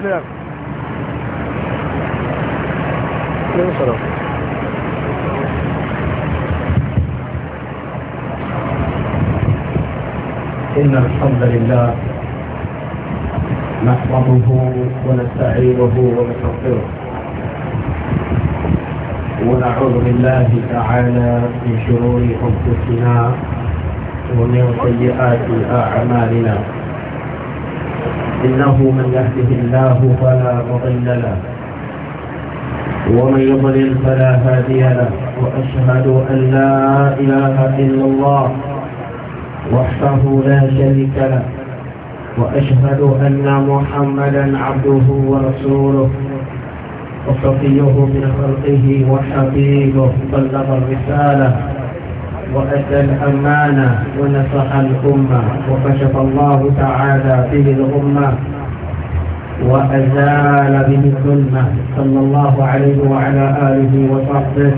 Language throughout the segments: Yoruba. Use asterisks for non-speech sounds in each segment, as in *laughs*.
الإسلام إن الحمد لله نحمده ونستعينه ونستغفره ونعوذ بالله تعالى من شرور أنفسنا ومن سيئات أعمالنا إنه من يهده الله فلا مضل له ومن يضلل فلا هادي له وأشهد أن لا إله إلا الله وحده لا شريك له وأشهد أن محمدا عبده ورسوله وصفيه من خلقه وحبيبه بلغ الرسالة وأدى الأمانة ونصح الأمة وكشف الله تعالى به الأمة وأزال به الظلمة صلى الله عليه وعلى آله وصحبه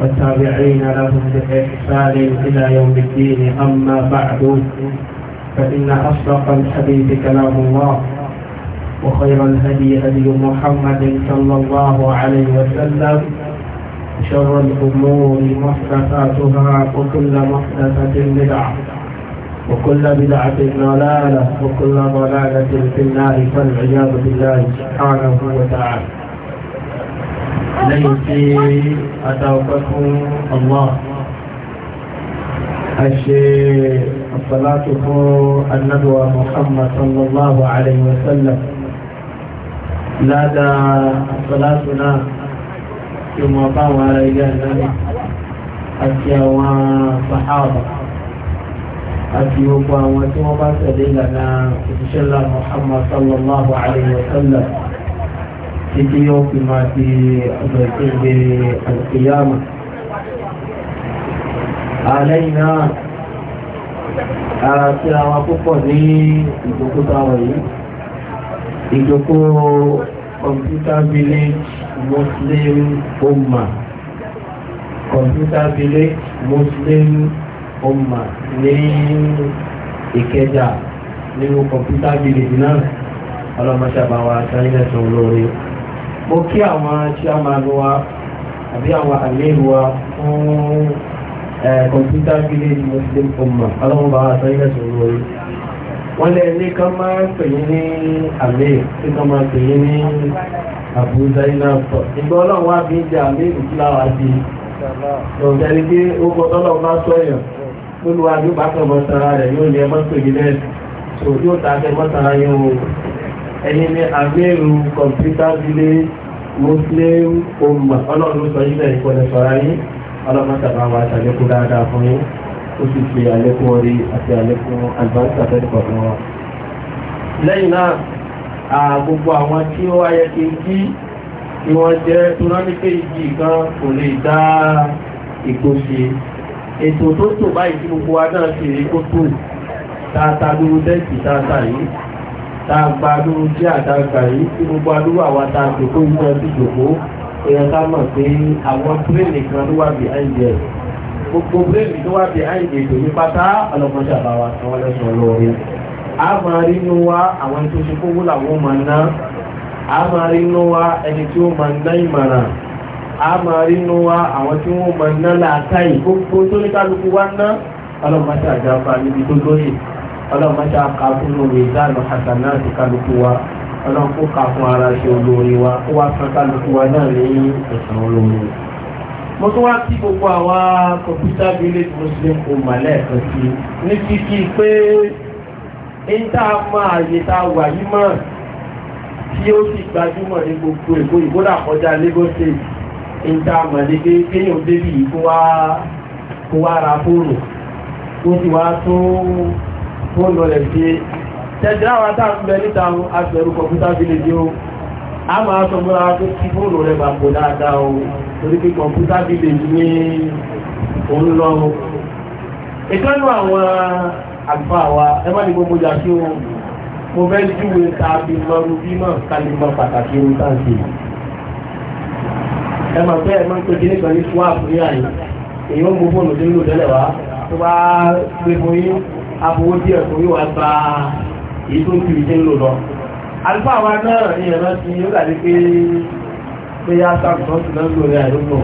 والتابعين لهم بإحسان إلى يوم الدين أما بعد فإن أصدق الحديث كلام الله وخير الهدي هدي محمد صلى الله عليه وسلم شر الأمور محدثاتها وكل محدثة بدعة وكل بدعة ضلالة وكل ضلالة في النار فالعياذ بالله سبحانه وتعالى ليس أتوبكم الله الشيء الصلاة الندوة محمد صلى الله عليه وسلم لدى صلاتنا tí ó máa bá àwọn ará ilé àdáni àti àwọn sàhábà àti gbogbo àwọn tí wọ́n bá tẹ̀lé ìlànà òṣìṣẹ́ Muhammad sallallahu alayhi wa sallam títí yóò fi máa di ọ̀dọ̀ ìkéde àlùkìyàmà. àlẹ́yìn náà ara tí àwọn púpọ̀ ní ìjókòó táwọn yìí ìjókòó kọ̀mpútà village Muslim Umma, Computer Village Muslim Umma. ní Ìkẹjà nínú Computer Village náà ọlọ́mọṣàbá wa sáyẹ́nẹ̀ tó ń lórí. Mo kí àwọn chairman wa àbí àwọn àlejò wa fún eh, Computer Village Muslim Umma. ọlọ́mọba wa sáyẹ́nẹ̀ tó lórí wọ́n lé ní ká máa ń pè yín ní àmì tí ká máa pè yín ní àbúzá iná sọ ìgbà ọlọ́run wá bí ń jẹ àmì ìfúláwà sí ọ̀gá ni pé ó kọ́ tọ́lọ́run bá sọ èèyàn olúwa yóò bá sara rẹ̀ yóò ní ẹmọ́ pè yín tó yóò ta akẹ́ mọ́ sara yín o ẹ̀yin ní àmìrù kọ̀mpútà bílé muslim ọmọ ọlọ́run sọ yín náà ìkọlẹ̀ sọ̀rọ̀ yín ọlọ́run sàbáwá sàlékún dáadáa fún ó sì ṣe àlékún orí àti àlékún àlùbáríkà tẹ́lẹ̀ kọ̀ọ̀kan wa. lẹ́yìn náà gbogbo àwọn tí ó wáyé kí n kí ni wọ́n jẹ́ túnánípé igi kan kò lè dá ètò ṣe ètò tó tò báyìí tí gbogbo wa náà ṣe rí kó tó tààtà lóru dẹ́ẹ̀kì tààtà yìí tààgbà lóru jẹ́ àdáǹkà yìí tí gbogbo alúwà wa ta àjòkó ìjọ sí ìjòkó èèyàn ká mọ̀ pé àwọn pírẹ́nì kan ló wà bí ẹ̀ gbogbo bírèmì tó wà bí àìdè ètò ní pátá ọlọ́mọdé àbáwá tí wọ́n lẹ́sọ̀ lórí a máa rí inú wa àwọn ẹni tó ṣe kówó làwọn máa ná a máa rí inú wa ẹni tí ó máa ná ìmọ̀ràn a máa rí inú wa àwọn tí wọ́n máa ná làákàyè gbogbo tó ní kálukú wa ná ọlọ́mọdé àjàfà níbi tó lóye ọlọ́mọdé àkàfúnú ìdáná àtàná àti kálukú wa ọlọ́mọdé kà fún ara ṣe olóore wa mo tún wá sí gbogbo àwa computer village muslim ọmọ lẹ́ẹ̀kan sí ní kíkí pé ń tá a mọ àyè tá a wà yìí mọ̀ tí ó sì gbajúmọ̀ ní gbogbo èkó ìgbódà kọjá Lagos state ń tá a mọ̀ ní pé kéèyàn débì yìí kó wá kó wá ra fóònù kó sì wá tún fóònù rẹ̀ ṣe tẹ̀síláwà tá a ń bẹ níta agbẹ̀rù computer village o a máa sọ múra pé kí fóònù rẹ̀ bá kò dáadáa o torí pé kọ̀ǹpútà bí lè ní òun lọ o. ìkánú àwọn àlùfáà wa ẹ má ní gbogbo jà sí o mo fẹ́ júwe ta bí mọ́rú bí mọ́ kálí mọ́ pàtàkì ohun tá à ń ṣe. ẹ máa fẹ́ ẹ máa ń pè kí nìkan ní swap ní àyè èyí mú fóònù délò tẹ́lẹ̀ wá tó bá gbé fún yín àfọwọ́ díẹ̀ fún yín wá gba èyí tó ń kiri délò lọ àlùfà wa náà ní ẹ̀rọ ti ó dàbí pé pé yá sàkùnrin ti lọ́gbọ̀ rẹ̀ àdúgbò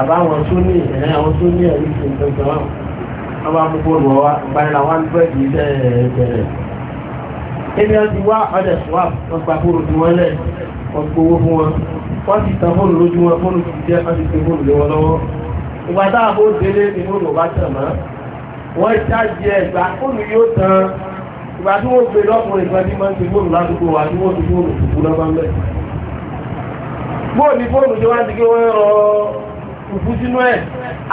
àbáwọn tó ní ẹ̀rẹ́ àwọn tó ní ẹ̀rí ti ìtọ́jú wọn wọ́n bá mú bọ́ọ̀lù wa gbanira wọn bẹ́ẹ̀ kì í ṣe ẹ̀ẹ́dẹ̀rẹ̀ ènìyàn ti wá ọ̀dẹ̀ swap wọ́n gba fóònù tí wọ́n lẹ̀ wọ́n gbowó fún wọn wọ́n ti tan fóònù lójú wọn fóònù yóò tan ìgbà tí wọ́n gbé lọ́kùnrin kan tí máa ń fi fóònù ládùúgbò wa tí wọ́n fi fóònù kúkú lọ́ba ń bẹ̀. bóòlù fóònù tí wọ́n ti gé wọ́n rọ kùkú sínú ẹ̀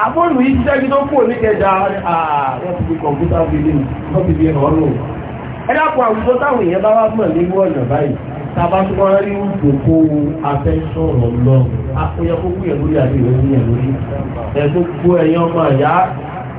àfóònù yìí jíjẹ́ kí tó kú òní kẹjà wọ́n ti fi kọ̀ǹpútà fi lé wọ́n ti fi hàn lò. ẹ dákun àwùjọ táwọn èèyàn bá wá mọ̀ ní wọ́ọ̀nà báyìí tába tó wọ́n rí ìdòkó afẹ́sọ̀rọ̀ lọ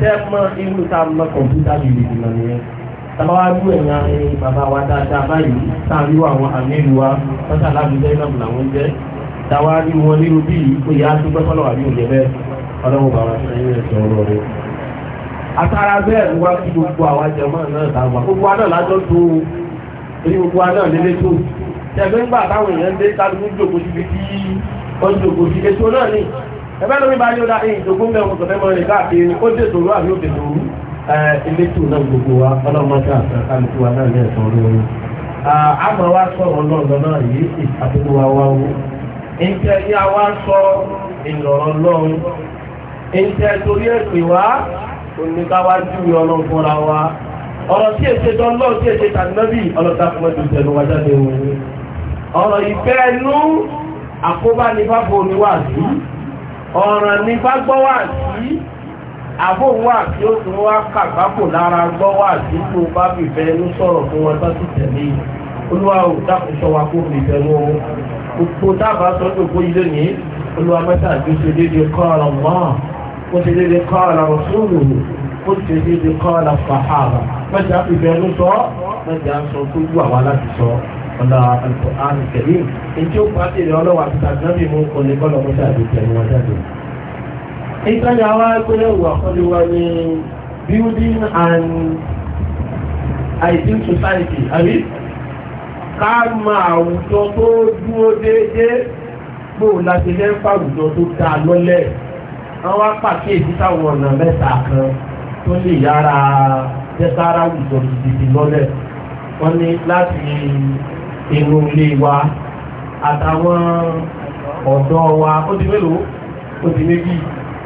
tẹ́ mọ irú tá a mọ kọ̀ǹpútà lèlè ìmọ̀ nìyẹn tàbá wá rú ẹ̀yà ẹ̀yìn bàbá wa dáadáa báyìí tá a rí àwọn àmẹ́lú wa tọ́jà lábùjẹ́ náà làwọn jẹ́ tàwa rí wọn nínú bí ìpòyà àdúgbò fọlọ́ àbí òjẹ bẹ́ẹ̀ ọlọ́wọ́ bàbá sẹ́yìn ẹ̀sìn ọ̀rọ̀ rẹ̀. àtàrà bẹ́ẹ̀ ni wá sí gbogbo àwa jẹ̀mọ́ náà dàgbà gbogbo wa náà lájọ́ tó orí gbogbo wa náà lélẹ́ tó tẹ̀gbẹ́ ńgbà táwọn èèyàn dé ẹgbẹ́ lórí bá yóò dá ẹ̀yìn ìdógún mẹ́rin ọ̀sán mẹ́rin rẹ̀ káàkiri ó dé ìṣòro àbí ó dèdò òru elétò náà gbogbo wa ọlọ́mọdé àtàkàlùkù wa náà ní ẹ̀sán olóoru àmọ́ wa sọ̀rọ̀ lọ́dọ̀ náà yìí àtúntò wa wá wó ǹjẹ́ yá wa sọ ìlọ̀rọ̀ lọ́run ǹjẹ́ torí ẹ̀pẹ̀ wa oníkáwájú ọlọ́run fúnra wa ọ̀rọ̀ tí èsè dọ́lọ́ tí èsè tàbí ọlọ́ta fún ẹ̀dùn ọ̀ràn ní bá gbọ́wà sí àbòwà tí ó tún wá kàgbákò lára gbọ́wà sí tó bá fìfẹ́ ló sọ̀rọ̀ fún wọn tó ti tẹ̀lé olúwa ò dákòóṣọ wa kó fi bẹ̀rù o gbogbo dábàá sọ pé òkú ilé ní olúwa mẹ́ta ju ṣe déédéé kọ́ ọ̀rọ̀ mọ́ ó ṣe déédéé kọ́ ọ̀rọ̀ rọ̀ṣúlù ó ṣe déédéé kọ́ ọ̀rọ̀ fàhàrà mẹ́ta fìfẹ́ ló sọ mẹ́ta sọ tó wù àwa láti sọ ọ̀nà alukóhánì kẹ̀lí ètí ó pàṣẹ ìrìn ọlọ́wà àtúntà nàbì mú kọ́ni kọ́nà mọ́ṣá àdìsẹ́ ni wọ́n jáde. ìtajà wa pẹ́lẹ́ wù àkọ́lé wa ní building and ideal society àbí ká mọ àwùjọ tó dúró déédéé gbòò láti lẹ́ńfà àwùjọ tó dáa lọ́lẹ̀ àwọn apàkíyèsí táwọn ọ̀nà mẹ́ta kan tó lè yára jẹ́ sára àwùjọ gidi lọ́lẹ̀ wọ́n ní láti inú ilé wa àtàwọn ọ̀dọ́ wa ó di mélòó ó di méjì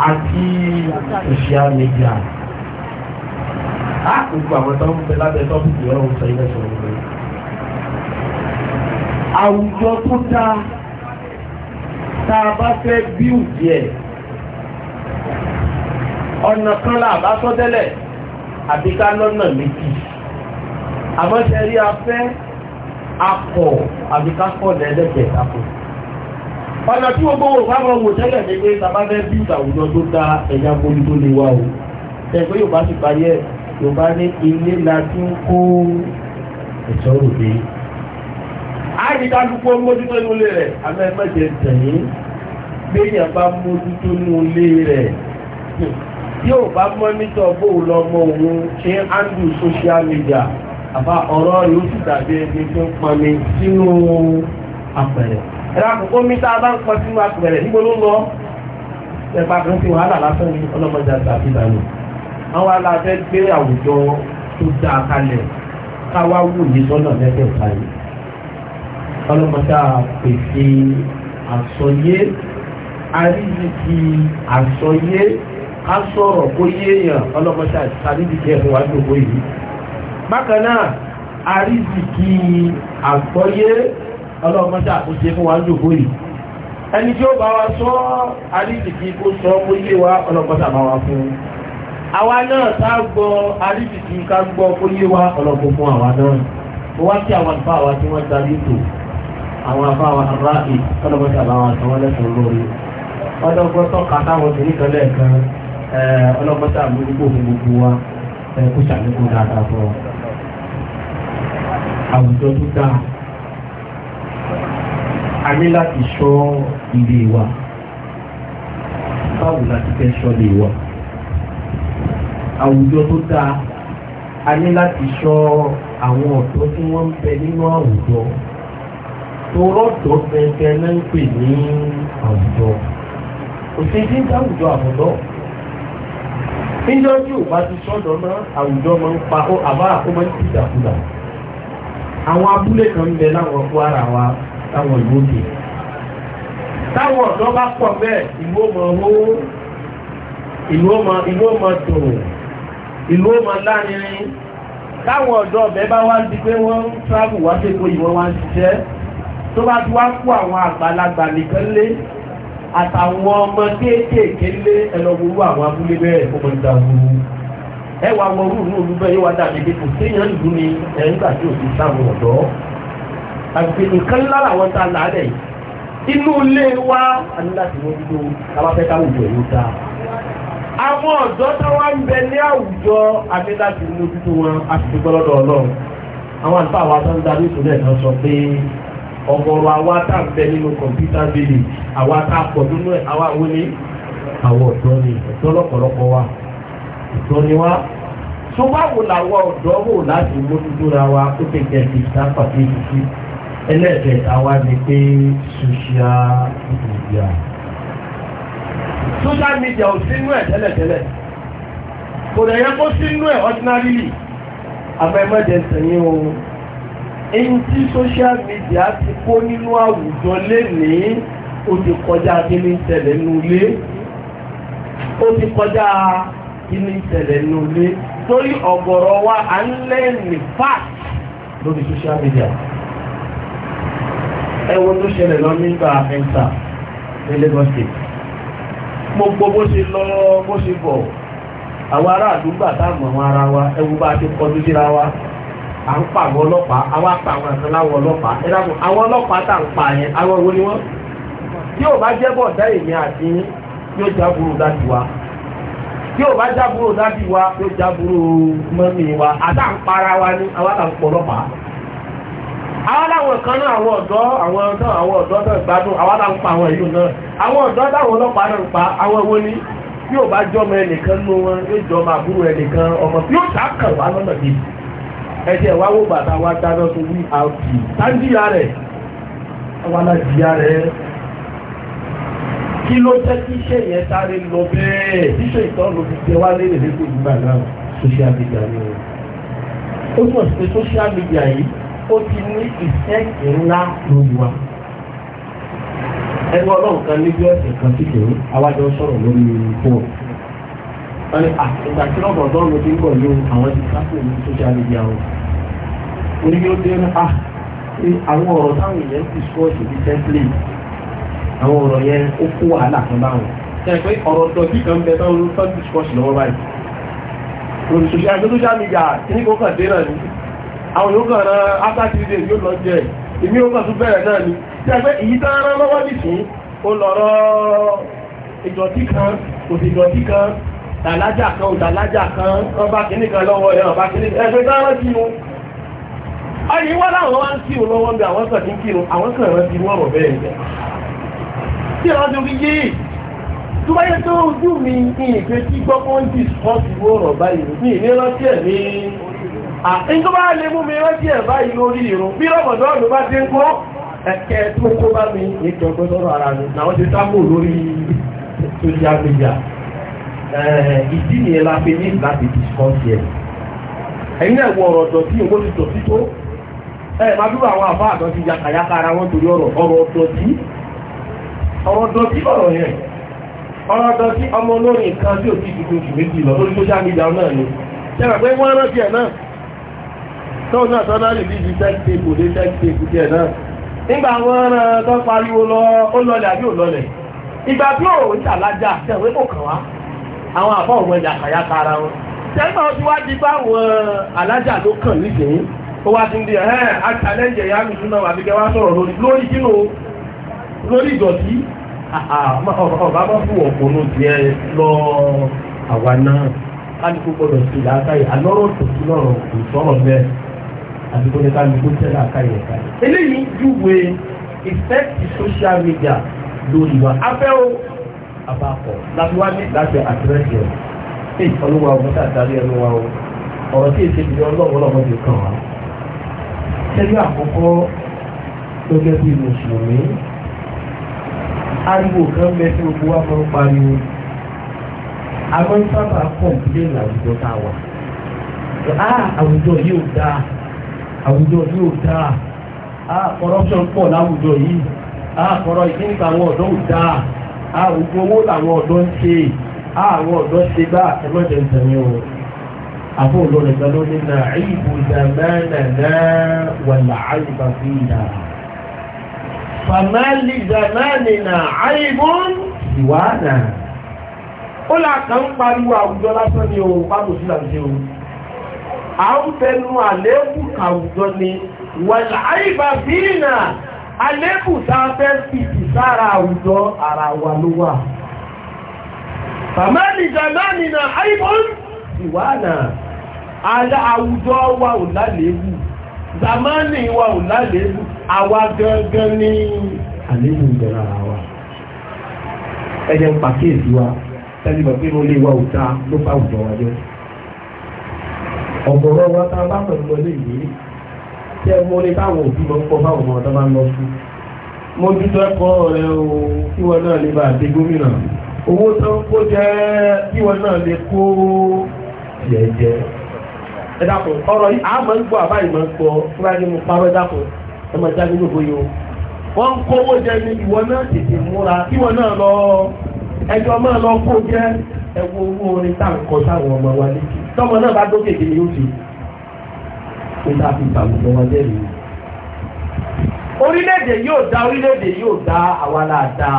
àti social media gbogbo àwọn tó ń bẹ lábẹ́ tọ́pùpù yọrọ ń sọ ilé sọ̀rọ̀ rẹ̀ àwùjọ tó dáa tá a bá fẹ́ bíù díẹ̀ ọ̀nà kan là bá sọ tẹ́lẹ̀ àbí ká lọ́nà méjì àmọ́ ṣe rí afẹ́ akọ̀ àbí kákọ̀ lẹ́lẹ́kẹ̀ àpọ̀ ọ̀nà tí gbogbo wò fáwọn wò tẹ́lẹ̀ ní pé tàbá fẹ́ bí ìtàwùjọ tó dá ẹ̀yà poli tó lè wá o tẹ̀gbẹ́ yóò bá sì parí ẹ̀ yóò bá ní ilé la tún kó ẹ̀ṣọ́ òde àrídájúkọ́ mójútó inú ilé rẹ̀ amẹ́mẹ́jẹ tẹ̀yìn gbéyàn bá mójútó inú ilé rẹ̀ yóò bá mọ́ nítọ̀ bóòlọ́mọ òun ṣe ń handle social media àbá ọ̀rọ̀ yóò ti dàbí ẹni tó ń pọn mi sínú apẹ̀rẹ̀ ẹ̀rọ àkókò mi tá a bá ń pọn sínú apẹ̀rẹ̀ níbo ló ń lọ ẹ̀pà kan ti wàhálà lásán ní ọlọ́mọdé àti ìdánù àwọn aláfẹ́ gbé àwùjọ tó dáa kalẹ̀ káwá wù ní sọ́nà mẹ́tẹ̀ẹ̀ta yìí ọlọ́mọdé àpèsè àsọyé àríyìkì àsọyé ká sọ̀rọ̀ kó yéèyàn ọlọ́mọdé àti àríyìkì ẹ̀fọ́ wájú òkú yìí bákanáà àríṣìkí àgbọ́yé ọlọ́mọdé àkójẹ fún wa ń jòkó yìí ẹni tí ó bá wa sọ àríṣìkí kó sọ kó yé wa ọlọ́mọdé àbá wa fún àwa náà tá gbọ́ àríṣìkí ká gbọ́ kó yé wa ọlọ́mọdé fún àwa náà mo wá sí àwọn àbá wa tí wọ́n darí tò àwọn àbá wa ará ì ọlọ́mọdé àbá wa sọ wọ́n lẹ́sọ̀ọ́ lórí ọlọ́gbọ́n tọ́ka táwọn obìnrin kan lẹ́ẹ̀kan ọlọ́gbọ́n tàbí gbogbo gbogbo wa àwùjọ tó dáa a ní láti ṣọ́ ilé wa báwo la ti fẹ́ ṣọ́ ilé wa àwùjọ tó dáa a ní láti ṣọ́ àwọn ọ̀dọ́ tí wọ́n ń bẹ nínú àwùjọ tó rọ́dọ̀ gẹ́gẹ́ ló ń pè ní àwùjọ òṣèlú ń dáwùjọ àwùjọ níjọ́ tí ò bá ti sọ́dọ̀ náà àwùjọ máa ń pa àbá àkómọ́ ti dàkúdà àwọn abúlé kan ń bẹ láwọn Kwara wa láwọn ìlú òkè táwọn ọ̀dọ́ bá pọ̀ bẹ́ẹ̀ ìlú ọmọ owó ìlú ọmọ ìlú ọmọ dòrò ìlú ọmọ lárinrin táwọn ọ̀dọ́ ọ̀bẹ bá wá di pé wọ́n ń tíráàbù wá sí ipò ìwọ̀n wá ń ṣiṣẹ́ tó bá ti wá kó àwọn àgbàlagbà nìkan lé àtàwọn ọmọ kéékèèké lé ẹlọ́gbọ̀rú àwọn abúlé bẹ́ẹ̀ ó mọ̀ ń dàgbòrò ẹ wà wọ rúù ní olúbẹ yóò wá dàbí pé kò séèyàn ìlú ni ẹ nígbà tí ò ti sáwọn ọ̀dọ́ àti nǹkan ńlá làwọn tá a là á dẹ̀ yìí inú ilé wa a ní láti wọ́n dúró kábàfẹ́ káwùjọ yóò dáa àwọn ọ̀dọ́ tó wá ń bẹ ní àwùjọ àti láti inú dúdú wọn a ti gbọ́lọ́dọ̀ ọlọ́run àwọn àlùfáà wa tó ń darí ìṣòro ẹ̀ náà sọ pé ọ̀gọ̀rọ̀ àwa tá ń bẹ nínú kọ̀mpútà village àwa tá a pọ̀ nínú àwa àwọn ní àwọn ọ̀dọ́ ni ọ̀dọ́ lọ́pọ̀lọpọ̀ wa ọ̀dọ́ ni wá tó bá wò làwọn ọ̀dọ́ wò láti mójútóra wa ó ti jẹ́ ti sáfà bí títí ẹlẹ́ẹ̀kẹta wá ni pé social media social media ò sínú ẹ̀ tẹ́lẹ̀tẹ́lẹ̀ kò dẹ̀ yẹ kó sínú ẹ̀ ordinarily abẹ́mọ́jẹ sẹ́yìn o èyí tí social media ti kó nínú àwùjọ lénìí ó ti kọjá kí ní tẹ̀lé nulẹ̀ ó ti kọjá kí ní ìṣẹ̀lẹ̀ ní olé torí ọ̀gọ̀rọ̀ wa à ń lẹ́ẹ̀nì fat lórí social media ẹwọ́n tó ṣẹlẹ̀ lọ nígbà ẹ̀ńtà ní Lagos State gbogbo bó ṣe lọ bó ṣe bọ̀ àwọn ará àdúgbò àtàwọn àwọn ara wa ẹwù bá ti kọjú síra wa à ń pa àwọn ọlọ́pàá àwa pa àwọn àti láwọn ọlọ́pàá ẹ dákun àwọn ọlọ́pàá tá à ń pa yẹn àwọn wo ni wọ́n tí bá jẹ́ dá èmi àti yóò jábùrù dájú wa tí o bá jábúrò dábì wa ló jábúrò mọ́mí wa wa ní àwọn àtàǹpọ̀ àwọn aláwọ̀ kan náà àwọn ọ̀dọ́ àwọn àwọn ọ̀dọ́ náà gbádùn àwọn aláwọ̀ pa àwọn ìlú náà àwọn ọ̀dọ́ dáwọn ọlọ́pàá náà pa àwọn ní tí bá jọmọ ẹnìkan wọn yóò jọmọ àbúrò ẹnìkan ọmọ tí ó wá lọ́nà wá wó bàtà wá dáná tó wí kí ló jẹ́ kí iṣẹ́ yẹn sáré lọ bẹ́ẹ̀ tíṣe ìtọ́nù fi jẹ wálé lè lé gbogbo ìgbà náà social media ni o. ó túmọ̀ sí pé social media yìí ó ti ní ìṣẹ́kì ńlá lórí wa. ẹgbẹ́ ọlọ́run kan níbi ọ̀sẹ̀ kan sí kìíní àwájọ sọ̀rọ̀ lórí fóònù. wọ́n ní àgbà tí lọ́bọ̀ ọ̀dọ́run ti ń bọ̀ ní àwọn ti sáfù ní social media wọn. oníbi ó dé ní àwọn ọ̀rọ̀ táwọn èèyàn ti sọ́ọ̀sì àwọn ọ̀rọ̀ yẹn ó kó wàhálà kan báwọn ṣe pé ọ̀rọ̀ dọ̀tí kan bẹ tán ló tọ́ discourse lọ́wọ́ báyìí lórí social media kíní kó kàn dé náà ni àwọn yóò kàn rán after three days yóò lọ jẹ èmi ó kàn tún bẹ̀rẹ̀ náà ni ṣe pé èyí tán rán lọ́wọ́ nìsín ó lọ́rọ́ ìdọ̀tí kan kò sí ìdọ̀tí kan dàlájà kan ò dàlájà kan wọ́n bá kíní kan lọ́wọ́ ẹ̀ wọ́n bá kíní kan ẹgbẹ́ tán rántí wọn ayé wọ́n tí ọ̀rọ̀ fi yé tó báyé tó ojú mi ní ìpé tí gbọ́gbọ́ ń di sọ́ọ̀tì wọ́ọ̀rọ̀ báyìí ní ìrántí ẹ̀ ní àìkú bá lè mú mi rántí ẹ̀ báyìí lórí ìrùn bí rọ̀mọ̀dọ́ọ̀lù bá ti ń kọ́ ẹ̀kẹ́ tó kó bá mi ìjọgbọ́ lọ́rọ̀ ara mi làwọn ti sábò lórí social media ìdí nìyẹn la fi ní láti discuss yẹn ẹ̀yin náà wọ ọ̀rọ̀ dọ̀tí owó ti dọ̀tí tó ẹ̀ máa dúró àwọn àbá àdọ́tí yakayaka ara wọn torí ọ̀rọ̀ ọ̀rọ̀ dọ̀tí ọ̀rọ̀ dọ̀tí ọ̀rọ̀ yẹn ọ̀rọ̀ dọ̀tí ọmọ olórin kan tí ò ti dúdú jù méjì lọ lórí social media náà ni ṣẹ́ra pé wọ́n rántí ẹ̀ náà tóun náà tọ́ náà lè bí ibi sex tape òde sex tape díẹ̀ náà nígbà wọn rán tó pariwo lọ ó lọlẹ̀ àbí ò lọlẹ̀ ìgbà tí ò ń ṣàlájà ṣẹ̀wé kò kàn wá àwọn àbọ̀ òun ẹ̀jà kàyà tara wọn ṣẹ́gbà ó ti wá di bá àwọn alájà ló kàn nísìnyí ó wá ti ń di ẹ̀ ẹ́ lórí ìdọ̀tí ọba bá fún ọ̀pọ̀nù tiẹ̀ lọ àwa náà kálukú gbọdọ̀ sí làákàyè alọ́rọ̀ tòkí lọ́rọ̀ kò sọ̀rọ̀ bẹ́ẹ̀ àdúgbò ní kálukú tẹ́ làákàyè ẹ̀ka yìí. eléyìí júwe ìfẹ́ẹ̀tì social media lórí wa abẹ́ o àbápọ̀ láti wá ní láti àtúrẹ́sì ẹ̀ ṣé ìfọlọ́wà ọmọ tá a darí ẹnu wa o ọ̀rọ̀ tí èsì ìdílé ọlọ́run ọlọ́run ti kàn wá. sẹ́yìn àkọ́kọ́ gẹ́gẹ́ bí mùsùlùmí ariwo kan bẹ tí gbogbo wa máa ń pariwo a máa ń sábà kọ̀m̀pilé làwùjọ tá a wà á ah, àwùjọ yìí ò dáa àwùjọ yìí ò dáa á ah, corruption pọ̀ láwùjọ yìí á ah, kọ̀rọ̀ ìdínkà àwọn ọ̀dọ́ ò dáa á ògbó owó làwọn ọ̀dọ́ ń ṣe á àwọn ọ̀dọ́ ṣe bá ẹlọ́dẹ̀ ń tẹ̀lé o àbó olórí ìgbàlódé náà ìbùdàmẹ́nà náà wà láàyè bàbí náà fàmálì zamanina àìbùn ìwádà ó làkà ń pariwo àwùjọ lásán ni ohun pàbò sí ohun a ń fẹnu àléébù àwùjọ ni wàlá àìbà fíìnà àléébù sáfẹ́ fìtì sára àwùjọ ara wa ló wà fàmálì zamanina àìbùn ìwádà àwùjọ wa ò lálẹ́bù zamani wa ò lálébù àwa gangan ní àlébù ìbẹ̀rẹ̀ ara wa ẹjẹ́ ń pàkíyèsí wa tẹ́lẹ̀ mọ̀ pé mo lè wa òta ló bá òjò wa jẹ́ ọ̀gọ̀rọ̀ wa tá a bá pẹ̀lú ọlé ìwé tí ẹ mú ní táwọn òbí lọ kọ́ fáwọn ọmọ ọ̀dọ́ bá ń lọ sí mo dúdú ẹ̀kọ́ rẹ o kí wọn náà lè bá àti gómìnà owó tó ń kó jẹ́ kí wọn náà lè kó jẹ́jẹ́ ẹ̀dàkùn ọ̀rọ̀ àmọ́ ń gbọ́ àbáyé máa ń gbọ́ wọ́n ń ní ìwọ náà tètè múra kí wọ́n náà lọ ẹjọ́ máa lọ kó jẹ́ ọmọ wa bá dókè kí ni kó tá a fi orílẹ̀-èdè yóò dá orílẹ̀-èdè yóò dá àwa dáa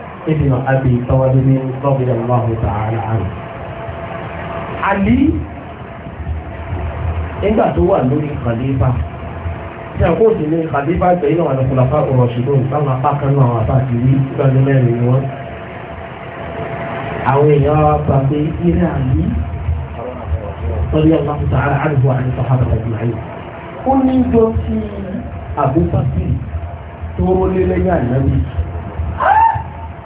ابن أبي طالب رضي الله تعالى عنه علي nígbà tó wà lórí khalifa tí a kó sì ní khalifa gbẹ̀yìn náà wà ní kùlàfà ọ̀rọ̀ ṣùgbọ́n táwọn apá kan náà wà bá ti rí gbọ́dọ̀ mẹ́rin ni wọ́n àwọn èèyàn wa gba pé ilé àlè lórí ọ̀nà kùtà àdìbò àti sàfàdà ọ̀gbìn ayé ó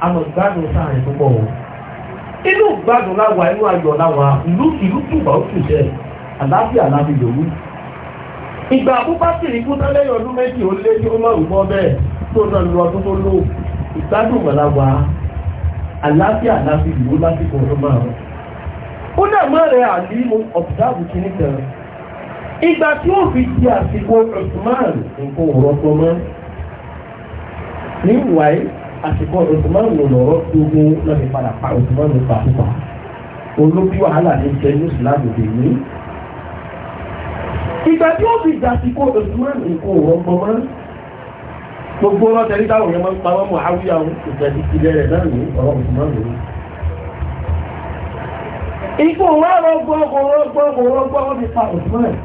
àmọ́ gbádùn sáàrin púpọ̀ o inú gbádùn láwa inú ayọ̀ láwa ìlú ìlú tùbà ó tù jẹ àlàáfíà láti yòówù ìgbà àbúkà sì ní kúta lẹ́yìn ọdún méjì ó lé ní ọmọ ìgbọ́ bẹ́ẹ̀ tó náà lu ọdún tó lò ìgbádùn wọn láwa àlàáfíà láti yòówù lásìkò ọdún márùn ó dà mọ́ rẹ̀ àlí mo ọ̀bùdáàbù kìíní kan ìgbà tí ó fi di àsìkò ọ̀túnmáàrún nǹkan ò rọ́pọ̀ mọ́ níwáyé àsìkò òsùnmáàlù lọ́rọ́ gbogbo lọ́ọ̀dì padà pa òsùnmáàlù pàápàá olóbi wàhálà ní jẹ́ ní ìsìláàmù dè ní. ìgbà tí ó fi dàsìkò òsùnmáàlù kò rọ́gbọ́n mọ́ gbogbo ọlọ́tẹ̀ ní táwọn ọmọ pa wọ́n mọ̀ áwíyá ìjẹ̀dì ìpìlẹ̀ rẹ̀ náà ní ọ̀rọ̀ òsùnmáàlù ní. ikú wa rọgbọ́n rọgbọ́n rọgbọ́n rọgbọ́n wọ́n ti pa òsùnmáàlù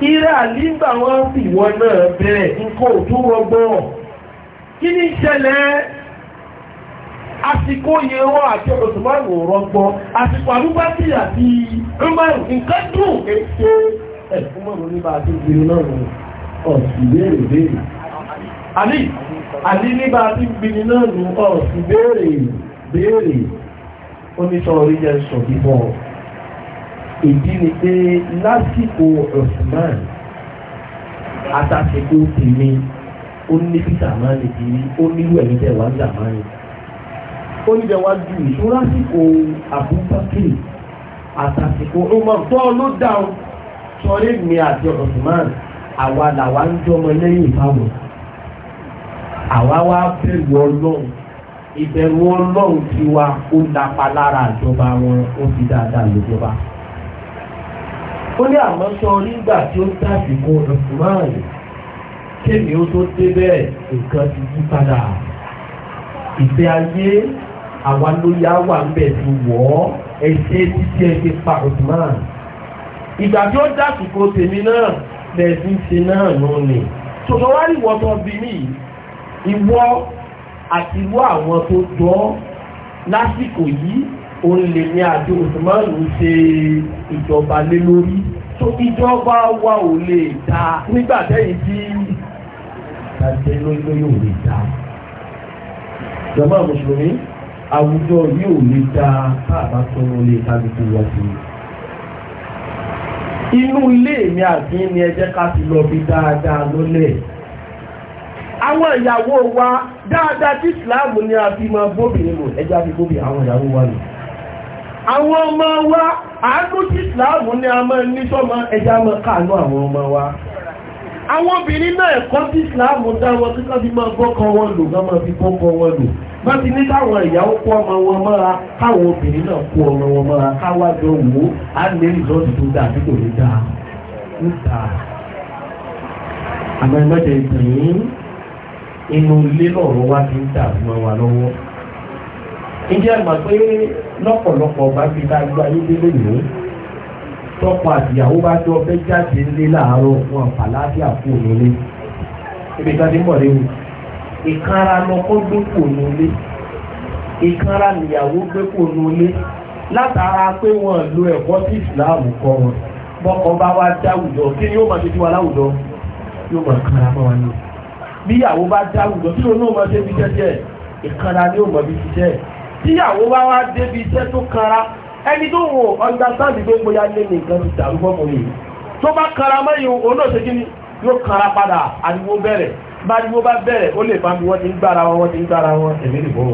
ìrà nígbà wọn sì wọn náà bẹ̀rẹ̀ nǹkan òtún rọgbọ́n kí ní ṣẹlẹ̀ àsìkò yẹwọ́ àti òsùmọ́rù rọgbọ́n àsìkò àrúgbàtí àti rúmọ́rù nǹkan dùn èso ẹ̀fúnmọ́rù nígbà àti ìgbèrè náà ọ̀sìn béèrè béèrè àní àní nígbà àti ìgbèrè náà ọ̀sìn béèrè béèrè ó ní sọ orí jẹ́ sọ bíbọ̀ ìdí ni pé lásìkò Usman àtàsìkò tèmi ó ní bí sàmánì kì í ó nílò ẹ̀mí tẹ̀ wá sàmánì ó ní bẹ́ẹ̀ wá ju ìṣúra àsìkò Abubakar àtàsìkò Umar tó ló dáhùn sọrí mi àti Usman àwa làwa ń jọmọ lẹ́yìn ìfàwọn àwa wá bẹ̀rù ọlọ́run ìbẹ̀rù ọlọ́run tiwa ó lápa lára ìjọba wọn ó fi dáadáa lójọba ó ní àmọ́ sọ nígbà tí ó tàbíkò ọ̀fùmáàlì kéèmì ó tó dé bẹ́ẹ̀ nǹkan ti yí padà ìfẹ́ ayé àwa lóyá wà ń bẹ̀ ti wọ̀ ọ́ ẹsẹ̀ títí ẹgbẹ́ pa ọ̀fùmáàlì ìgbà tí ó dàsìkò tèmi náà lẹ́ẹ̀sì ń ṣe náà nù ni tòtò wá ní ìwọ́tọ̀ bí ní ìwọ àti ìwọ àwọn tó jọ lásìkò yìí òun lè ní àjò Usman ṣe ìjọba lé lórí tó ìjọba wa ò lè dá nígbà tẹ́yìn tí ìdájẹ́ lórí lórí ò lè dá jọba mùsùlùmí àwùjọ yìí ò lè ta káàbá tó ń lè kábíkú wá sí i inú ilé mi àti ní ẹjẹ́ ká ti lọ bí dáadáa lọ́lẹ̀ àwọn ìyàwó wa dáadáa tí Islam ni a fi máa bóbi nínú ẹjẹ́ àti bóbi àwọn ìyàwó wa nìyí àwọn ọmọ wa àánú sí ní a máa ní sọ́mọ ẹja máa káàánú àwọn ọmọ wa àwọn obìnrin náà ẹ̀kọ́ sí ìsìláàmù dá wọn kíkọ́ bí máa bọ́kọ wọn lò gán máa fi bọ́kọ wọn lò bá ti ní káwọn ìyàwó ọmọ wọn mọ́ra káwọn obìnrin náà ọmọ wọn mọ́ra wò á lè ǹjẹ́ ẹ mọ̀ pé lọ́pọ̀lọpọ̀ bá fi ta gbọ́ ayé délé nìyó tọkọ àtìyàwó bá jọ fẹ́ jáde nílé láàárọ̀ wọn fàlàáfíà kú nílé ibi kan ti mọ̀ léwu ìkanra lọkọ gbé kú nílé ìkanra nìyàwó gbé kú nílé látara pé wọn lo ẹ̀kọ́ sí ìsìláàmù kọ wọn bọ́kọ bá wá dá àwùjọ kí ni yóò máa ṣe ti wà láwùjọ yóò máa kanra mọ́ wọn ni bíyàwó bá dá àwùjọ kí ló náà máa ṣe fi jẹ́jẹ́ ìkanra ni yóò máa fi ṣiṣẹ́ tíyàwó wá wá débi iṣẹ́ tó kanra ẹni tó wò understand pé bóyá lé nìkan ti dàrú fọ́mọ yìí tó bá kanra mẹ́yìn òun náà ṣe ni yóò kanra padà ariwo bẹ̀rẹ̀ bá ariwo bá bẹ̀rẹ̀ ó lè fami wọ́n ti ń gbára wọn wọ́n ti ń gbára wọn ẹ̀mí lè bọ́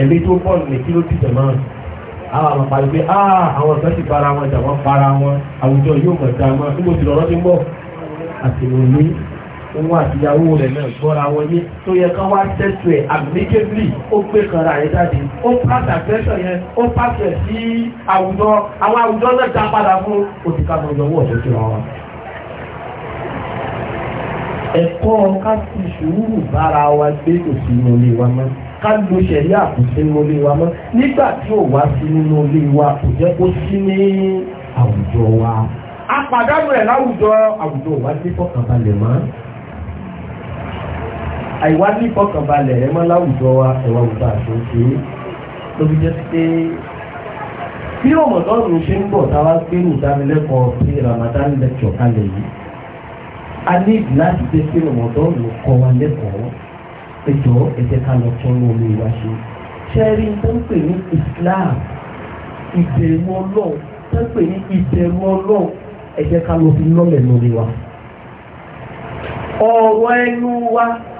ẹ̀mí tó bọ̀ ní kí ló ti tẹ̀ mọ́ ah, àwọn àmàpá yìí pé àwọn ọ̀sán ti para wọn jà para wọn àwùjọ yóò mọ̀ dáa mọ́ níbo ti lọ́rọ́ ti ń bọ̀ òun àtìyàwó rẹ̀ náà gbọ́ra wọlé tó yẹ kán wá tẹ́tù ẹ̀ àgbékébìlì ó gbé kan ra ẹ̀ jáde ó pàṣẹ àfẹ́sọ̀ yẹn ó pàṣẹ sí àwùjọ àwọn àwùjọ náà dá padà fún òtìká mọ ìyọwọ́ ọ̀dọ́ sí wọn. ẹ̀kọ́ ká fi sùúrù bára wa gbé kò sí inú ilé wa mọ́ ká ló ṣẹ̀rí àpò sí inú ilé wa mọ́ nígbà tí ò wá sí inú ilé wa kò jẹ́ kó sí ní àwùjọ wa. apàdánù ẹ̀ láwùjọ àwùjọ wa dé fọkànbalẹ̀ mọ́ àìwá ní ìfọkànbalẹ̀ ẹ mọ́ láwùjọ wa ẹ̀wà òkúta àṣọ ṣe é lóbi jẹ́ pé bí ọmọdọ́rùn ṣe ń bọ̀ táwa gbé ìdánilẹ́kọ̀ọ́ sí Ramadan lecture kalẹ̀ yìí a ní láti dé pé ọmọdọ́rùn kọ́ wa lẹ́kọ̀ọ́ ẹjọ́ ẹ̀jẹ̀ ká lọ tún ní omi wa ṣe ṣẹ́rí tó ń pè ní Islam ìbẹ̀rù Ọlọ́run tó ń pè ní ìbẹ̀rù Ọlọ́run ẹ̀jẹ̀ ká lọ fi lọ́lẹ̀ lórí wa ọ̀rọ̀ ẹnu wa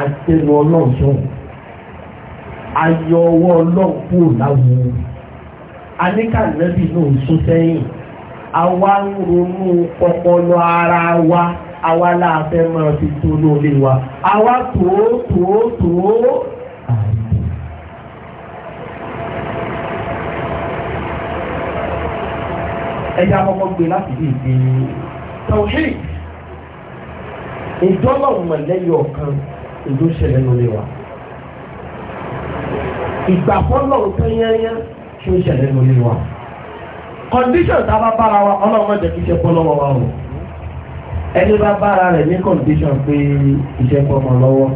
àtẹnu ọlọ́run sùn ayọ ọwọ́ ọlọ́run kúrò láwo aníkàlẹ́bì náà sún sẹ́yìn àwa ń ronú ọpọlọ ara wa àwa láàfẹ́ máa fi tó lóore wa àwa tòó tòó tòó. ẹja kọ́kọ́ gbé láti bí ìgbé tọ̀hìn ìjọba òmùmọ̀lẹ́yọ̀ kan ìlú ṣẹlẹ̀ lórí wa ìgbàfọ́lọ̀ nǹkan yányá tí ó ṣẹlẹ̀ lórí wa condition tá a bá bára wa ọlọ́run jẹ́ kí iṣẹ́ pọ́ lọ́wọ́ wa o ẹni bá bára rẹ̀ ní condition pé iṣẹ́ pọ́ mọ́ lọ́wọ́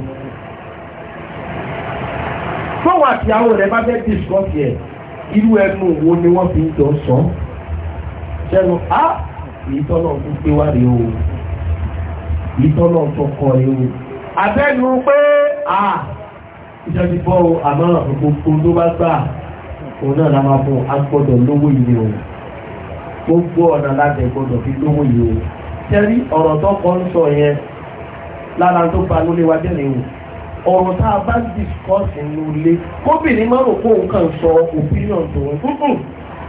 fọwọ́ àtìyàwó rẹ̀ bá fẹ́ discuss yẹ irú ẹnu wo ni wọ́n fi ń jọ sọ sẹ́nu ah. ìtọ́nà tó gbé wá rèé o ìtọ́nà tó kọ rèé o àtẹ́nu pé à ìjọdí bọ́ àmọ́ràn gbogbo tó bá gbà òun náà la máa fún agbọ́dọ̀ lówó ilé o gbogbo ọ̀nà láti gbọ́dọ̀ fi lówó ilé o tẹ́rí ọ̀rọ̀ tó kọ́ ń sọ yẹn lára tó pa lólé wa jẹ́ nìyẹn ọ̀rọ̀ tá a bá dìskọ́sì ní ilé kóbìnrin máa rò pé òun kàn sọ opinion tòun gúgùn hmm,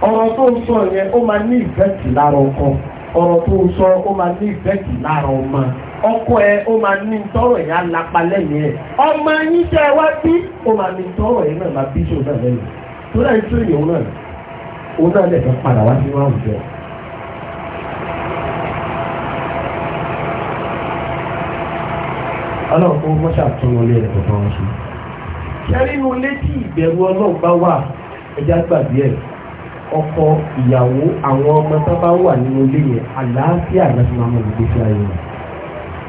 ọ̀rọ̀ tó ń sọ yẹn ó máa ní ìfẹ́ẹ̀tì lára ọkọ ọ̀rọ̀ tó ń sọ ó máa ní ìfẹ́ẹ̀tì lára ọmọ ọkọ ẹ o ma ní tọrọ ẹ á lẹ́yìn ẹ ọmọ yín tẹ ya wá bí o ma ní tọrọ ẹ náà ma bí sóun náà lẹ́yìn tó náà ń tún ìyẹn òun náà òun náà lẹ̀ka padà wá sínú àwùjọ. ọlọ́run kó mọ́ṣà wọlé ẹ̀ tó fọwọ́ sí. inú létí ìbẹ̀rù ọlọ́run ọkọ ìyàwó àwọn ọmọ tó bá wà nínú ilé yẹn àlàáfíà máa mọ̀ ayé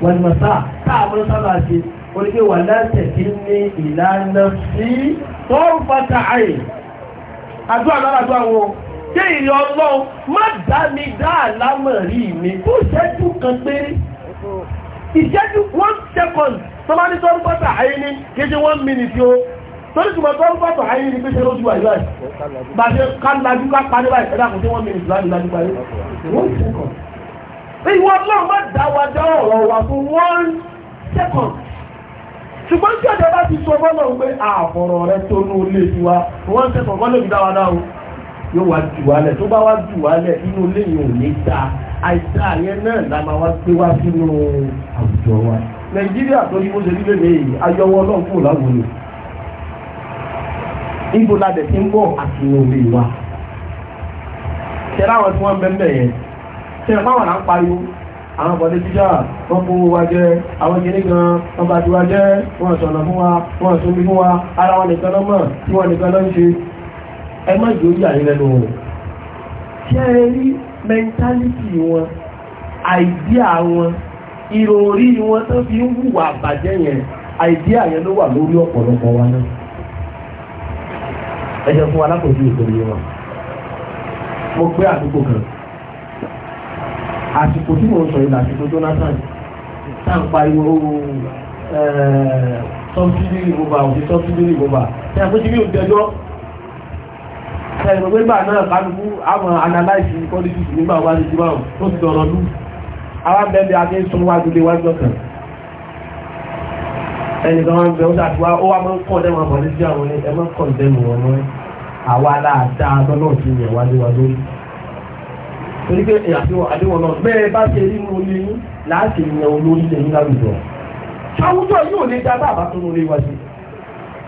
wọ́n mọ̀ sáà táà mọ́ sábà ṣe onígbé wà láṣẹ̀ kí ní ìlànà sí tó ń fata àyè àdúrà lára àdúrà wọn ṣé ìrìn ọlọ́run má dá mi dá àlámọ̀ rí mi tó ṣẹ́jú kan péré ìṣẹ́jú one second tó bá ní tó ń fata àyè ní kéde one minute yóò torí tùmọ̀ tó ń fọ́tọ̀ ayé ní pẹ́sẹ̀ lójú àyíwá ẹ̀ bá ṣe ká lajú ká parí báyìí ẹ̀dá kò tí wọ́n mìíràn lájú lájú parí wọ́n ṣe ìwọ ọlọ́run má dáwàjọ́ ọ̀rọ̀ wà fún one second ṣùgbọ́n tí ọ̀dọ̀ bá ti sọ bọ́lọ̀ pé àfọ̀rọ̀ rẹ tó ní ilé tiwa one second kọ́ lè fi dáwàdá o yóò wá jù wálẹ̀ tó bá wá jù wálẹ̀ inú ilé yìí ò ní ta àìsá yẹn náà la máa wá gbé wá sínú àwùjọ wa nàìjíríà tó ní bó ṣe lílé lèyí ayọwọ́ ọlọ́run fún làwọn ni ibo la dẹ̀ ti ń bọ̀ àti ìwọ̀n mi wa ṣẹlá àwọn tí wọ́n bẹ́ẹ̀ bẹ́ẹ̀ yẹn ṣe ìpáwọn à ń pariwo àwọn ọ̀pọ̀lẹ́ jíjà wọ́n kó wa jẹ́ àwọn kìíní gan wọ́n bá ti wa jẹ́ wọ́n sọ̀nà fún wa wọ́n sọ fún wa ara wọn nìkan lọ́mọ̀ tí wọ́n nìkan lọ́ ń ṣe ẹ má jò yà yín lẹ́nu òun tí ẹ rí mẹ́ńtálítì wọn àìdíà wọn ìròrí wọn tó fi ń hùwà àbàjẹ́ yẹn àìdíà yẹn ló wà lórí ọ̀pọ̀lọpọ̀ wa náà ẹ jẹ́ fún wa lápòjú àsìkò tí mo sọ yìí lásìkò Jonathan tá n pariwo sọfidiri ìbòbà òfin sọfidiri ìbòbà tí a fojì bí o dẹjọ́ ẹgbẹgbẹ gbà náà kálukú àwọn analyse politics nígbà wà ní ìdíbà tó ti dọ̀rọ̀ lù àwọn bẹ́ẹ̀ àti sún wájú lé wájú ọ̀kan ẹnìkan wọn bẹ ó dàtúwá ó wà máa ń kọ́ dẹ́mọ̀ àbọ̀lẹ́sí àwọn ẹmọ́ kọ́ dẹ́mọ̀ wọn náà àwa aláàdá lọ́nà ti yẹ̀ wájú wájú lórí torí pé ìyàfihàn eh, àdéhùn náà bẹ́ẹ̀ bá ṣe rí inú ilé yín láti yan olórí lẹ́yìn láwùjọ àwùjọ yóò lè dá bàbá tó lórí wa sí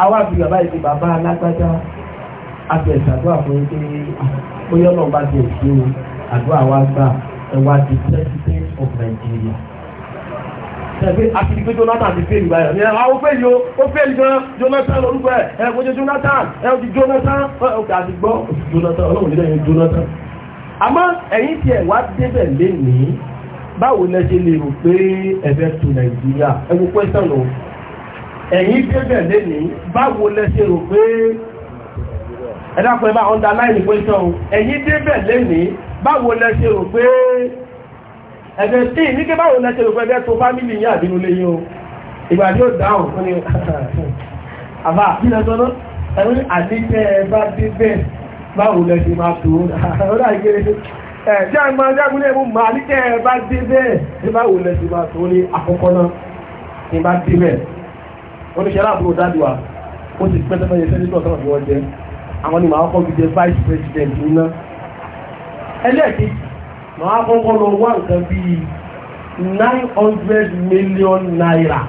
àwọn àbí bàbá ìdí bàbá alágbájá àti ẹ̀sàdúrà fún pé ah, bóyá náà bá ti èsì o àdúrà wa gbà ẹwà the president of Nigeria ṣẹ̀fẹ́ àtìgbé Jonathan ti fẹ́ ìgbà ẹ̀ àwọn fẹ́ yìí ó fẹ́ ìgbà Jonathan lórúkọ ẹ̀ ẹ̀ kò jẹ́ Jonathan ẹ̀ ò ti Jonathan ẹ̀ ò àmọ́ ẹ̀yìn tí ẹ̀ wá débẹ̀ lénìí báwo lẹ ṣe lè rò pé ẹ̀fẹ́ tó nàìjíríà ẹ̀wọ̀n pẹ́sàn o ẹ̀yìn débẹ̀ lénìí báwo lẹ ṣe rò pé ẹ̀dàpọ̀ ẹ̀bá underline pẹ́sàn o ẹ̀yìn débẹ̀ lénìí báwo lẹ ṣe rò pé ẹ̀fẹ́ tí ní kí báwo lẹ ṣe rò pé ẹ̀fẹ́ tó fámìlì yín àbínú lé yín o ìgbà tí ó dáhùn fún ni *laughs* àbá àbí lẹ́sọ̀rọ̀ ẹ̀rí àdíjẹ́ ẹ bá débẹ̀ báwo lẹ ṣe máa tó ọ̀rọ̀ àìgbére ẹ̀ tí a máa jágun ní ẹ̀mú màá ní kẹ́ ẹ bá dé bẹ́ẹ̀ ní báwo lẹ ṣe máa tó ní àkọ́kọ́ náà ní bá dé bẹ́ẹ̀ wọ́n ní ṣẹlá àbúrò dáduwa ó ti pẹ́ tẹ́fẹ́ yẹn sẹ́ni lọ́sọ̀rọ̀ bí wọ́n jẹ́ àwọn ni màá kọ́ fi jẹ vice president níná ẹlẹ́ẹ̀kejì màá kọ́kọ́ lọ wá nǹkan bíi nine hundred million naira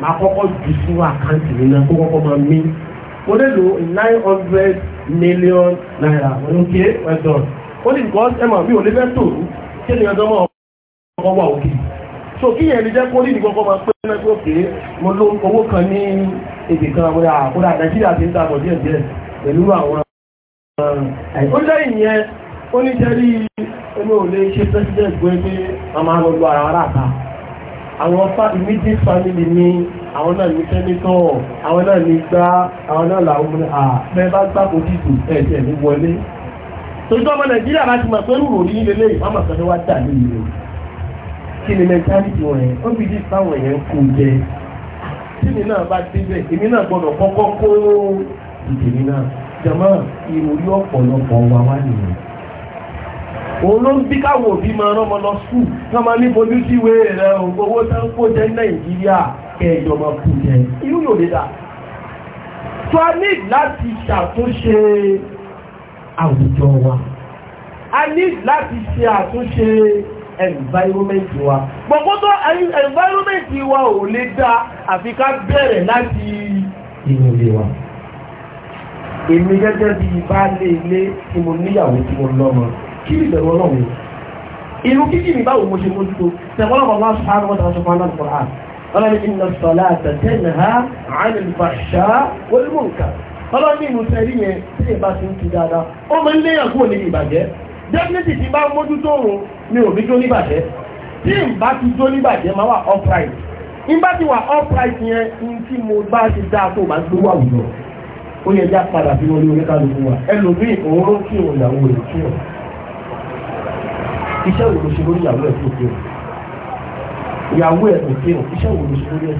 màá kọ́kọ́ jù sínú àkáǹtì níná kó kọ́kọ́ máa mí mo lè lo nine hundred mílíọ̀n náírà olókè ẹ̀dọ̀ ó ní nǹkan ẹmà bí ò lè fẹ́ tò kí ni ọjọ́ mọ́ ọkọ̀ wà òkè so kí yẹn lè jẹ́ kó ní ìgbọ́kọ́ máa pẹ́ mẹ́fí òkè mo ló owó kan ní èdè kan àwọn àkúrà nàìjíríà ti ń dàbọ̀ díẹ̀ díẹ̀ pẹ̀lú àwọn ó jẹ́ ìyẹn ó ní jẹ́rí ẹni ò lè ṣe president gbé pé a máa lọ lu ara ara àta àwọn immediate family ni àwọn náà ní sẹ́nitọ̀ àwọn náà ní gbá àwọn náà làwọn ọmọ náà ah, bẹ́ẹ̀ bá gbá kó dìbò ẹ̀jẹ̀ ní wọlé. torí ọmọ nàìjíríà bá ti mọ̀ pé rúrò ní ilé lẹ́yìn wọ́n mọ̀ sọ́dọ̀ wá dà ní ìlú. kí ni mentality wọn yẹn ó fi dí sáwọn yẹn kó jẹ. tíni náà bá débẹ̀ èmi náà gbọ́dọ̀ kọ́kọ́ kó ìdèmí náà jọmọ́ ìròyìn ọ̀pọ̀lọpọ̀ wa wá nìyẹn òun ló ń bí káwọn òbí máa rán ọmọ lọ skul náà máa ní fojú sí ìwé rẹ owó tó ń kó jẹ nàìjíríà kẹjọ máa kú inú yóò lè dà tó a ní láti ṣàtúnṣe àwùjọ wa a ní láti ṣe àtúnṣe environment wa gbogbo tó environment wa ò lè dá àfi ká bẹ̀rẹ̀ láti inú ilé wa èmi gẹ́gẹ́ bí baálé ilé tí mo níyàwó tí mo lọ́mọ kí ni bẹ̀rù ọlọ́run irú kíkì ní báwo mo ṣe mójú tó tẹ̀wọ́n ọmọ máa sọ àwọn ọ̀tàn ṣọ̀kan náà kọ̀ọ̀án ọlọ́run iná sọ̀lá àtẹ̀tẹ̀nà àìlèbàṣá olúmọ̀ǹkà ọlọ́run ìlú tẹ̀rí yẹn tí ìbá ti ń ti dáadáa ó máa ń léyàn upright ìbá upright yẹn ní tí mo bá ti dáa tó máa ń gbé wà wùdọ̀ ó yẹ já padà sí wọn ní iṣẹ́ wo ló ṣe lórí ìyàwó ẹ̀ tó kéwòn ìyàwó ẹ̀ tó kéwòn iṣẹ́ wo ló ṣe lórí ẹ̀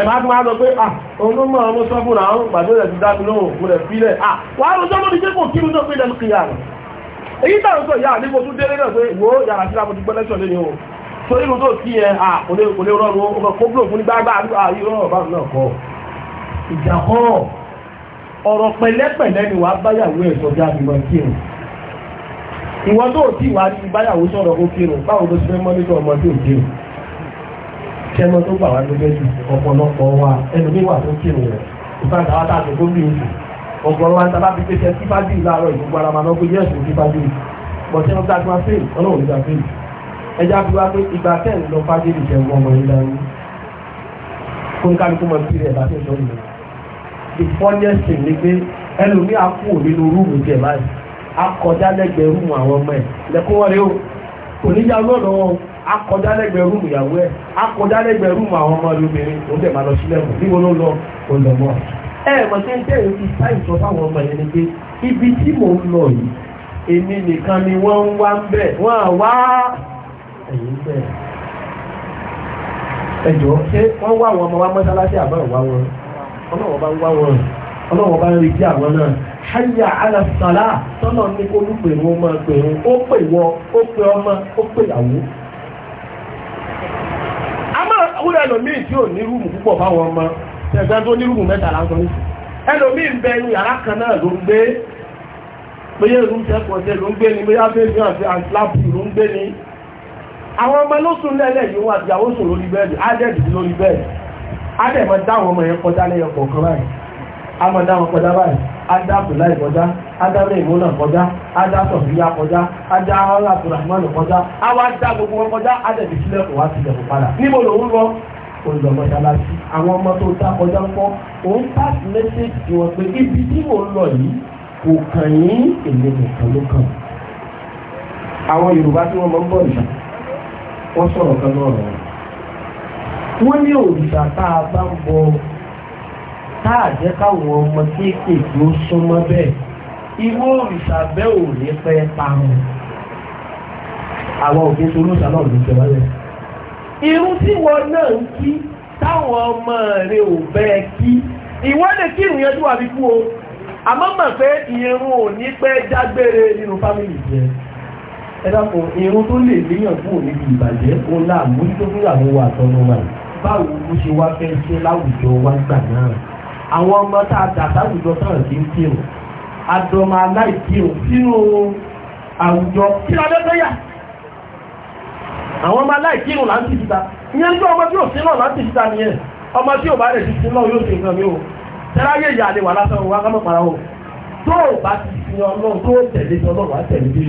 ẹ̀bá tó máa lọ pé àwọn ọmọ ọmọ sọ́fún àwọn ìpàdé rẹ̀ ti dámi lóhùn mú rẹ̀ fílẹ̀ wà lọ́jọ́ lórí jẹ́ kò kí ló pé lẹ́nu kìyà rẹ̀ èyí tààrùn tó yà nípo tún délé náà pé wo yàrá sí àmọ́ ti gbọ́ lẹ́sọ̀ lẹ́ni o tó nínú tó sí ẹ òlé rọrùn ọmọ kó blò fún gbágbá irọ́ ọ̀bá náà kọ́ ìjà kọ́ ọ̀rọ̀ pẹ̀lẹ́pẹ̀lẹ́ ni wàá báyàwó ẹ̀ sọ ìwọ tó ò tí wà á ti báyàwó sọ̀rọ̀ ó kírun báwo ló ṣe mọ́ nígbà ọmọ tó kírun kẹ́mọ́ tó gbà wá lójẹ́ jù ọ̀pọ̀lọpọ̀ wa ẹnu mi wà tó kírun rẹ̀ ìfàdà wa tàbí tó bí oṣù ọgbọ̀n wa tàbá fi pèsè fífájú láàárọ̀ ìgbogbo ara máa lọ́gbọ́ yẹ́sù fífájú bọ̀tẹ́ wọn gbàgbà fèèrè ọlọ́run gbà fèèrè ẹjá fi wá pé ìgbà tẹ́ẹ̀ lọ fájú ìṣẹ́ ọmọ yìí dání kó ní kálukú mọ sí rẹ̀ bàtẹ́ ìṣọ́ ìlú the funniest thing ni pé ẹlòmíà kú òní lórúurú jẹ̀ báyìí akọjá àwọn ọmọ ẹ̀ lẹ́kọ́ wọn rẹ o kò níjà wọn akọjá ìyàwó ẹ̀ ọmọ àwọn ọmọ lóbìnrin òun lọ sílẹ̀ mọ̀ lọ ẹ mọ̀ sí ń ọmọ yẹn ni pé ibi tí mò ń lọ yìí èmi nìkan ni wọ́n wá ń bẹ̀ wá ẹ̀yìn ẹ jọ ṣé wọ́n wá ọmọ wa wá wọn hayya ala salah sọ́nà ní ọmọ pèrò ó pè wọ ó pè ọmọ ó pè yàwó. a máa wúlò ẹlòmíì tí ò ní rúùmù púpọ̀ ọmọ tẹ̀sán tó ní rúùmù mẹ́ta ẹlòmíì kan náà ló ń gbé péye ló ń tẹ́kọ̀ọ́ tẹ́ ló ń gbé ni bóyá fẹ́ẹ́ àti àtìláàpù ló ń gbé ni. àwọn ọmọ ló lẹ́lẹ̀ yìí wọn àti amọ̀dá wọn kọjá báyìí adá abdullahi kọjá adá mẹ́ìmú náà kọjá adá sọ̀fìyà kọjá adá ọlá abdulrahman kọjá àwọn adá gbogbo wọn kọjá adá ìbísílẹ̀ kò wá sí ìjẹ̀kù padà níbo lòun lọ olùdọ̀mọ̀ṣáláṣí àwọn ọmọ tó dá kọjá ń kọ́ òun pass message tí wọ́n pé ibi tí mò ń lọ yìí kò kàn yín èmi nìkan ló kàn. àwọn yorùbá tí wọ́n máa ń bọ̀ ìṣà wọ́n sọ̀rọ̀ kan náà rọ̀ wọ́n ní òrìṣà tá a bá ń bọ táàjẹ́ káwọn ọmọ kéékèèké ó súnmọ́ bẹ́ẹ̀ irú òrìṣà bẹ́ẹ̀ ò ní pẹ́ parun àwọn òbí tó lóṣà náà ló jẹ wálẹ̀. irú tí wọn náà ń kí táwọn ọmọ rẹ ò bẹ́ẹ̀ kí ìwọ́n lè kí ìrìn ẹjọ́ àbí kú o àmọ́ mọ̀ pé irun ò ní pẹ́ dágbére nínú fámìlì jẹ ẹ dákun irun tó lè léyàn fún òní bí ìbàjẹ́ òun náà mú tó fún àwọn àtọ́nú wa báwo ló ṣe wá fẹ́ ṣe láwùjọ wá gbà náà àwọn ọmọ tá a dà sáwùjọ sọ̀rọ̀ sí ń kírun àdọ̀mọ aláìkírun sínú àwùjọ kí la lẹ́gbẹ́ yà àwọn ọmọ aláìkírun là ń ti síta ìyẹn tó ọmọ tí ò sí náà là ń ti síta nìyẹn ọmọ tí ò bá rẹ̀ ti sí náà yóò ṣe nǹkan mi o tẹ́láyé ìyá àlè wà lásán òun wá ká mọ̀ para o tó o bá ti sin ọlọ́run tó tẹ̀lé ọlọ́run á tẹ̀lé bí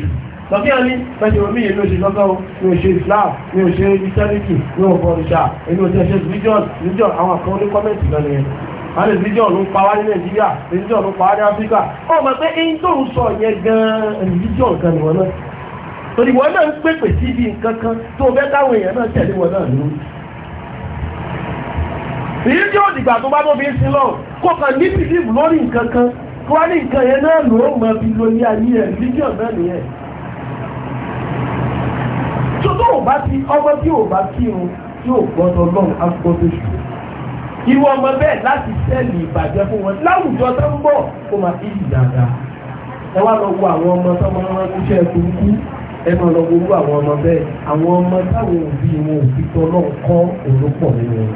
lọ́bí ẹni pẹ̀lú omi yìí ló ṣe lọ́gọ́ ní òṣè Islam ní òṣè Christianity ní òbọ̀rìṣà ní òṣè religion religion àwọn kan ní kọ́mẹ̀ntì lọ́nà yẹn àti religion ló pa wá ní nàìjíríà religion ló pa wá ní áfíríkà ó mọ̀ pé eyín tó ń sọ yẹn gan-an religion kan nìwọ̀n náà torí wọn náà ń pèpè sí ibi nǹkan kan tó fẹ́ káwọn èèyàn náà tẹ̀lé wọn náà lórí religion ìgbà tó bá tóbi sí lọ kó kàn ní bìlíìfù lórí nǹkan kan kó wá ní nǹkan yẹn náà ló mọ̀ bí lórí ayé ẹ̀ religion náà nìyẹn tó tó ò bá ti ọmọ tí ò bá tí ò gbọ́dọ̀ lọ́run gbọ́dọ̀ ṣùgbọ́n irú ọmọ bẹ́ẹ̀ láti sẹ́ẹ̀lì ìbàjẹ́ fún wọn láwùjọ tó ń bọ̀ kó máa fi yìí dáadáa ẹ wá lọ wo àwọn ọmọ tó máa ń ránṣẹ́ burúkú ẹ máa lọ wo àwọn ọmọ bẹ́ẹ̀ àwọn ọmọ táwọn òbí wọn ò fi tọ́ lọ́ọ̀ kọ́ òlópọ̀ nínú wọn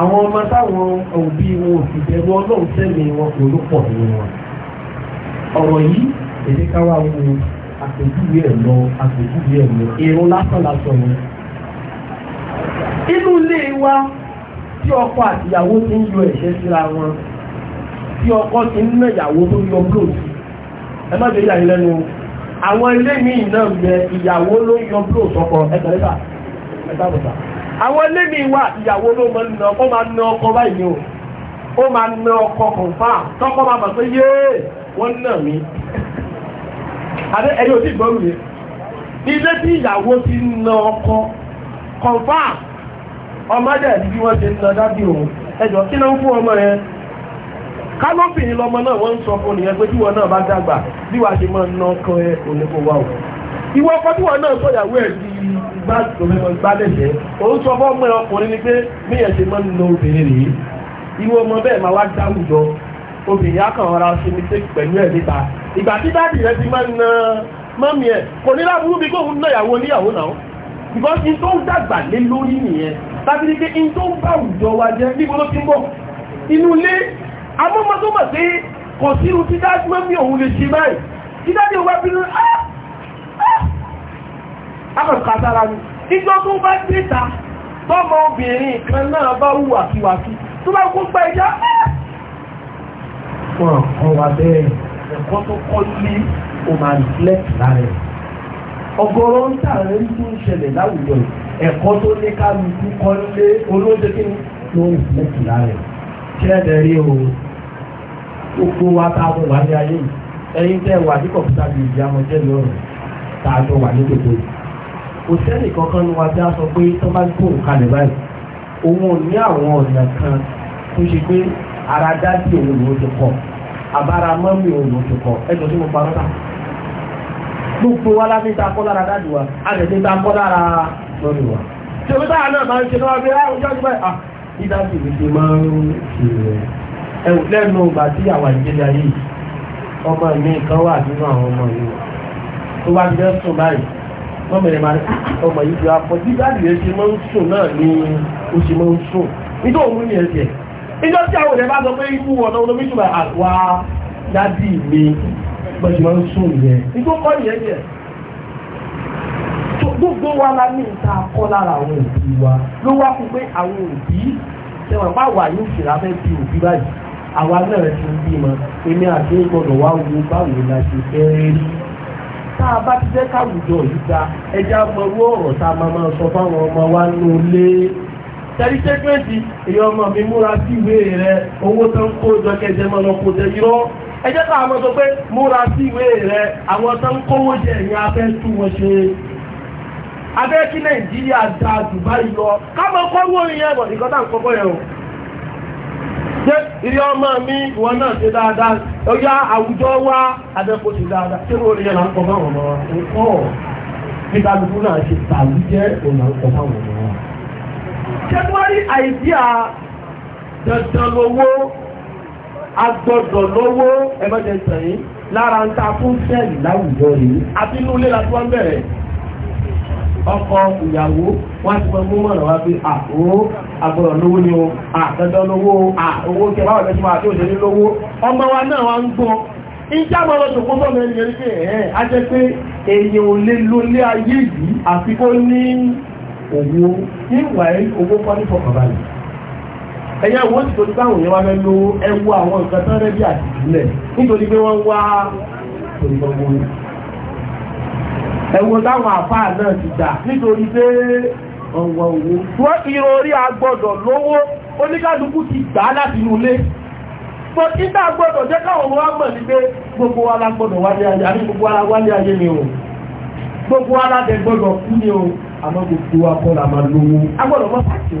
àwọn ọmọ táwọn òbí wọn ò fi bẹ̀rù ọlọ́run sẹ́mi wọn òlópọ̀ nínú wọn ọ̀rọ̀ yìí èdè káwá wo àpèjúwe ẹ̀ lọ àpèjúwe ẹ̀ lọ èrò lásán lásán ni inú ilé wa tí ọkọ àtìyàwó ti ń yọ ẹ̀ṣẹ́ síra wọn tí ọkọ ti ń ná ìyàwó tó yọ blóòtù ẹ má jẹ́ ìyàwó lẹ́nu àwọn ilé míì náà yẹ ìyàwó ló yọ blóòtù ọkọ ẹgbẹ̀rẹ́ta ẹgbẹ̀rẹ́ta àwọn ilé míì wà ìyàwó ló máa ń ná ọkọ máa ń ná ọkọ báyìí o ó máa ń ná ọkọ kọ̀ǹfà tọ́kọ máa mọ̀ pé yé wọ́n nà mí àbí ẹni ò tí gbọ́rù yẹn ilé tí ìyàwó ti ń ná ọkọ kọ̀ǹfà ọmọdé ẹ̀dí bí wọ́n ṣe ń lọ dábì òun ẹjọ́ kí ló ń fún ọmọ yẹn kálọ́pìnrin lọmọ náà wọ́n ń sọ fún nìyẹn pé tíwọ náà bá dàgbà bí wàá ṣe máa ń ná kan ẹ oníkó wa o ìwọ ọkọ tíwọ náà sọyàwó ẹ di gbálẹ̀jẹ́ òun sọ fún ọmọ ọkùnrin ni pé míyẹn ṣe máa ń lo obìnrin rèé ìwọ ọmọ bẹ́ẹ̀ máa wá dáwùjọ obìnrin akàn ọ̀rá ṣe ní tẹ́kì pẹ̀lú ẹ̀ níta ìgbà tí dáàdì rẹ̀ ti máa ń na mọ́mí ẹ̀ kò ní láburú bí kóhun náà yàwó níyàwó náà because in tó ń dàgbà lé lórí tàbí ní pé in tó ń bá àwùjọ wa jẹ́ níbo ló ti ń bọ̀ inú ilé amọ́mọ́ tó mọ̀ sí kò sí irú tí dájú mọ́ mi òun lè ṣe báyìí tí dájú wa bí lórí akọ̀kọ̀ sára ni ìjọ tó bá déta tọ́mọ obìnrin kan náà bá wù wàkíwàkí tó bá kó gba ìjà ah! wọn kọ wa bẹ́ẹ̀ ẹ̀kọ́ tó kọ́ lé o máa reflect lára ẹ̀ ọ̀gọ̀rọ̀ ń tààrẹ ń tún ṣẹlẹ̀ láwùjọ ẹ̀kọ́ tó ní kálukú kọ́ lé olóde kí ni ló ń fún ìtura rẹ̀ ṣẹlẹ̀ rí o gbogbo wa tá a mú wá ní ayé yìí ẹ̀yin tẹ́ wà ní kọ̀ǹpútà bíi ìyá lọ́rùn tá a jọ wà ní gbogbo yìí kò sẹ́nì kankan ní wa bí a sọ pé tó bá ń kó òǹkalẹ̀ báyìí òun ò ní àwọn ọ̀nà kan tó ṣe pé ara dá sí òun lòó ti kọ àbára mọ́mí òun lòó ti kọ ẹ gbogbo wa láti ta kọ́ lára dájú wa a lè ti ta kọ́ lára lọ́dún wa tí omi táà náà máa ń ṣe lọ́wọ́ ah, ah, bí ráhùn jọ́ jùlọ à ìdájì mi ṣe máa ń ṣe rẹ̀ ẹ̀wù lẹ́nu ìgbà tí àwa ìjẹjà yìí ọmọ mi kan wà nínú àwọn ọmọ yìí tó bá jẹ́ sùn báyìí wọ́n mẹ̀rẹ̀ máa ah, ọmọ yìí ti wá pọ̀ jíjá rẹ̀ ṣe máa ń sùn náà ní ó ṣe máa ń sùn nítorí òun ní ẹ̀ṣẹ̀ ìjọ tí àwọn òde bá sọ pé ikú ọ̀nà olómi ṣùgbọ́n àwa dádì mi bọ́jú máa ń sùn yẹn igbó kọ́ yẹn yẹn gbogbo wa la ní ìta kọ́ lára àwọn òbí wa ló wá fún pé àwọn òbí tẹwọn bá wà yóò fìlà fẹ́ bí òbí báyìí àwa náà ti ń bímọ èmi àti gbọdọ̀ wá wo báwo la ṣe fẹ́ rí tá a bá ti fẹ́ káwùjọ yìí ta ẹja mọ owó ọ̀rọ̀ tá a máa máa sọ fáwọn ọmọ wa nù lé tẹ̀lé sẹ́gbẹ̀ẹ́sì èyí ọmọ mi múra sí ìwé rẹ owó tó ń kó jọ kẹjẹ e ká àwọn sọ pé múra sí ìwé rẹ̀ àwọn tó kówó jẹ ẹ̀yìn abẹ́ tú wọn ṣe abẹ́ kí nàìjíríà da Dubai lọ káàmọ́ kọ́wọ́ ìyẹn bọ̀ kọ́kọ́ yẹn o ìrí ọmọ mi wọn náà ṣe dáadáa ó àwùjọ ṣe dáadáa kọ́ kọ́ ṣe agbọ́dọ̀ lówó ẹgbẹ́jẹsẹ̀ yìí lára ń ta fún sẹ́ẹ̀lì láwùjọ yìí àti inú ilé láti wọ́n bẹ̀rẹ̀ ọkọ ìyàwó wọ́n ti fọ́n mọ́ ọ̀nà wá pé àwọ́ agbọ́dọ̀ lówó ni o àtẹ́jọ́ lówó owó kẹ báwọn ẹgbẹ́ tí wọ́n àti òṣèlú lówó ọmọ wa náà wá ń gbọ́ ìjà mọ́ lọ́dọ̀ kó bọ́ mẹ́rin yẹn pé ẹ̀ á jẹ́ pé èèyàn ò lè lo ilé ayé yìí àfi kó ní owó níwàá owó kọ́ ní fọkànbalẹ̀ ẹ̀yà wọ́n ti torí báwọn yẹn wá fẹ́ lo ẹwọ àwọn nǹkan tán rẹ́bí àti ìbílẹ̀ nítorí pé wọ́n wá torí gbogbo ẹwọ táwọn àfáà náà ti dà nítorí pé ọ̀wọ̀ owó wọ́n ti rọrí agbọ́dọ̀ lówó oníkálukú ti gbà láti inú ilé tó títà gbọ́dọ̀ jẹ́ gbogbo wa la gbogbo wa la wálé ni o gbogbo wa la dẹ̀ gbọ́dọ̀ kú ni o àmọ́ gbogbo wa kọ́ la máa lówó agbọ́dọ̀ mọ́ pàṣẹ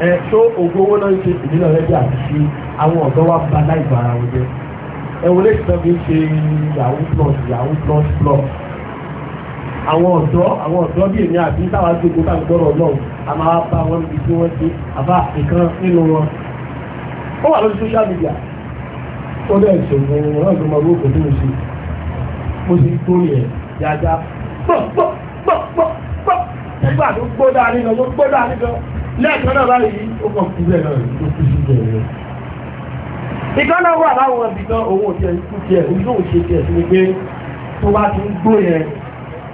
ẹ tó ògùn owó náà ń ṣe ìdílé ọ̀rẹ́ bí àṣìṣe àwọn ọ̀dọ́ wa ba láì bá ara wọn jẹ ẹ wọlé ìtàn mi ṣe yahoo plus yahoo plus plus àwọn ọ̀dọ́ àwọn ọ̀dọ́ bí èmi àti táwa gbogbo ká gbọ́dọ̀ ọlọ́run a máa bá wọn níbi tí wọ́n ṣe àbá ìkan nínú wọn ó wà lórí social media ó dẹ̀ ṣòwò ọ̀rọ̀ ìgbìmọ̀ owó kò tó ń ṣe mo ti tó lẹ́ẹ̀kan náà báyìí ó kàn kú rẹ̀ náà ló kú sí ìjọ rẹ̀ ìkan náà wà láwọn ibi kan owó tiẹ̀ kú tiẹ̀ ojú òun ṣe tiẹ̀ sí ni pé tó bá ti ń gbó yẹn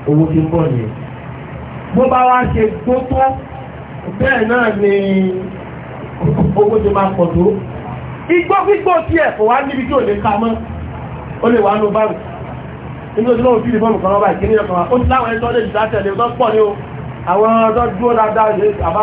owó ti ń bọ̀ yẹn bó bá wá ṣe gbó tó bẹ́ẹ̀ náà ni owó ti máa pọ̀ tó igbó gbígbó tiẹ̀ kò wá níbi tí ò lè ka mọ́ ó lè wá ló báwù nínú ojú náà ojú ìbọn nǹkan ọba ìkíní ọkàn ó ti láwọn ẹjọ́ lè dá tẹ̀lé ọjọ́ pọ̀ ní o àwọn ọjọ́ dúró dáadáa àbá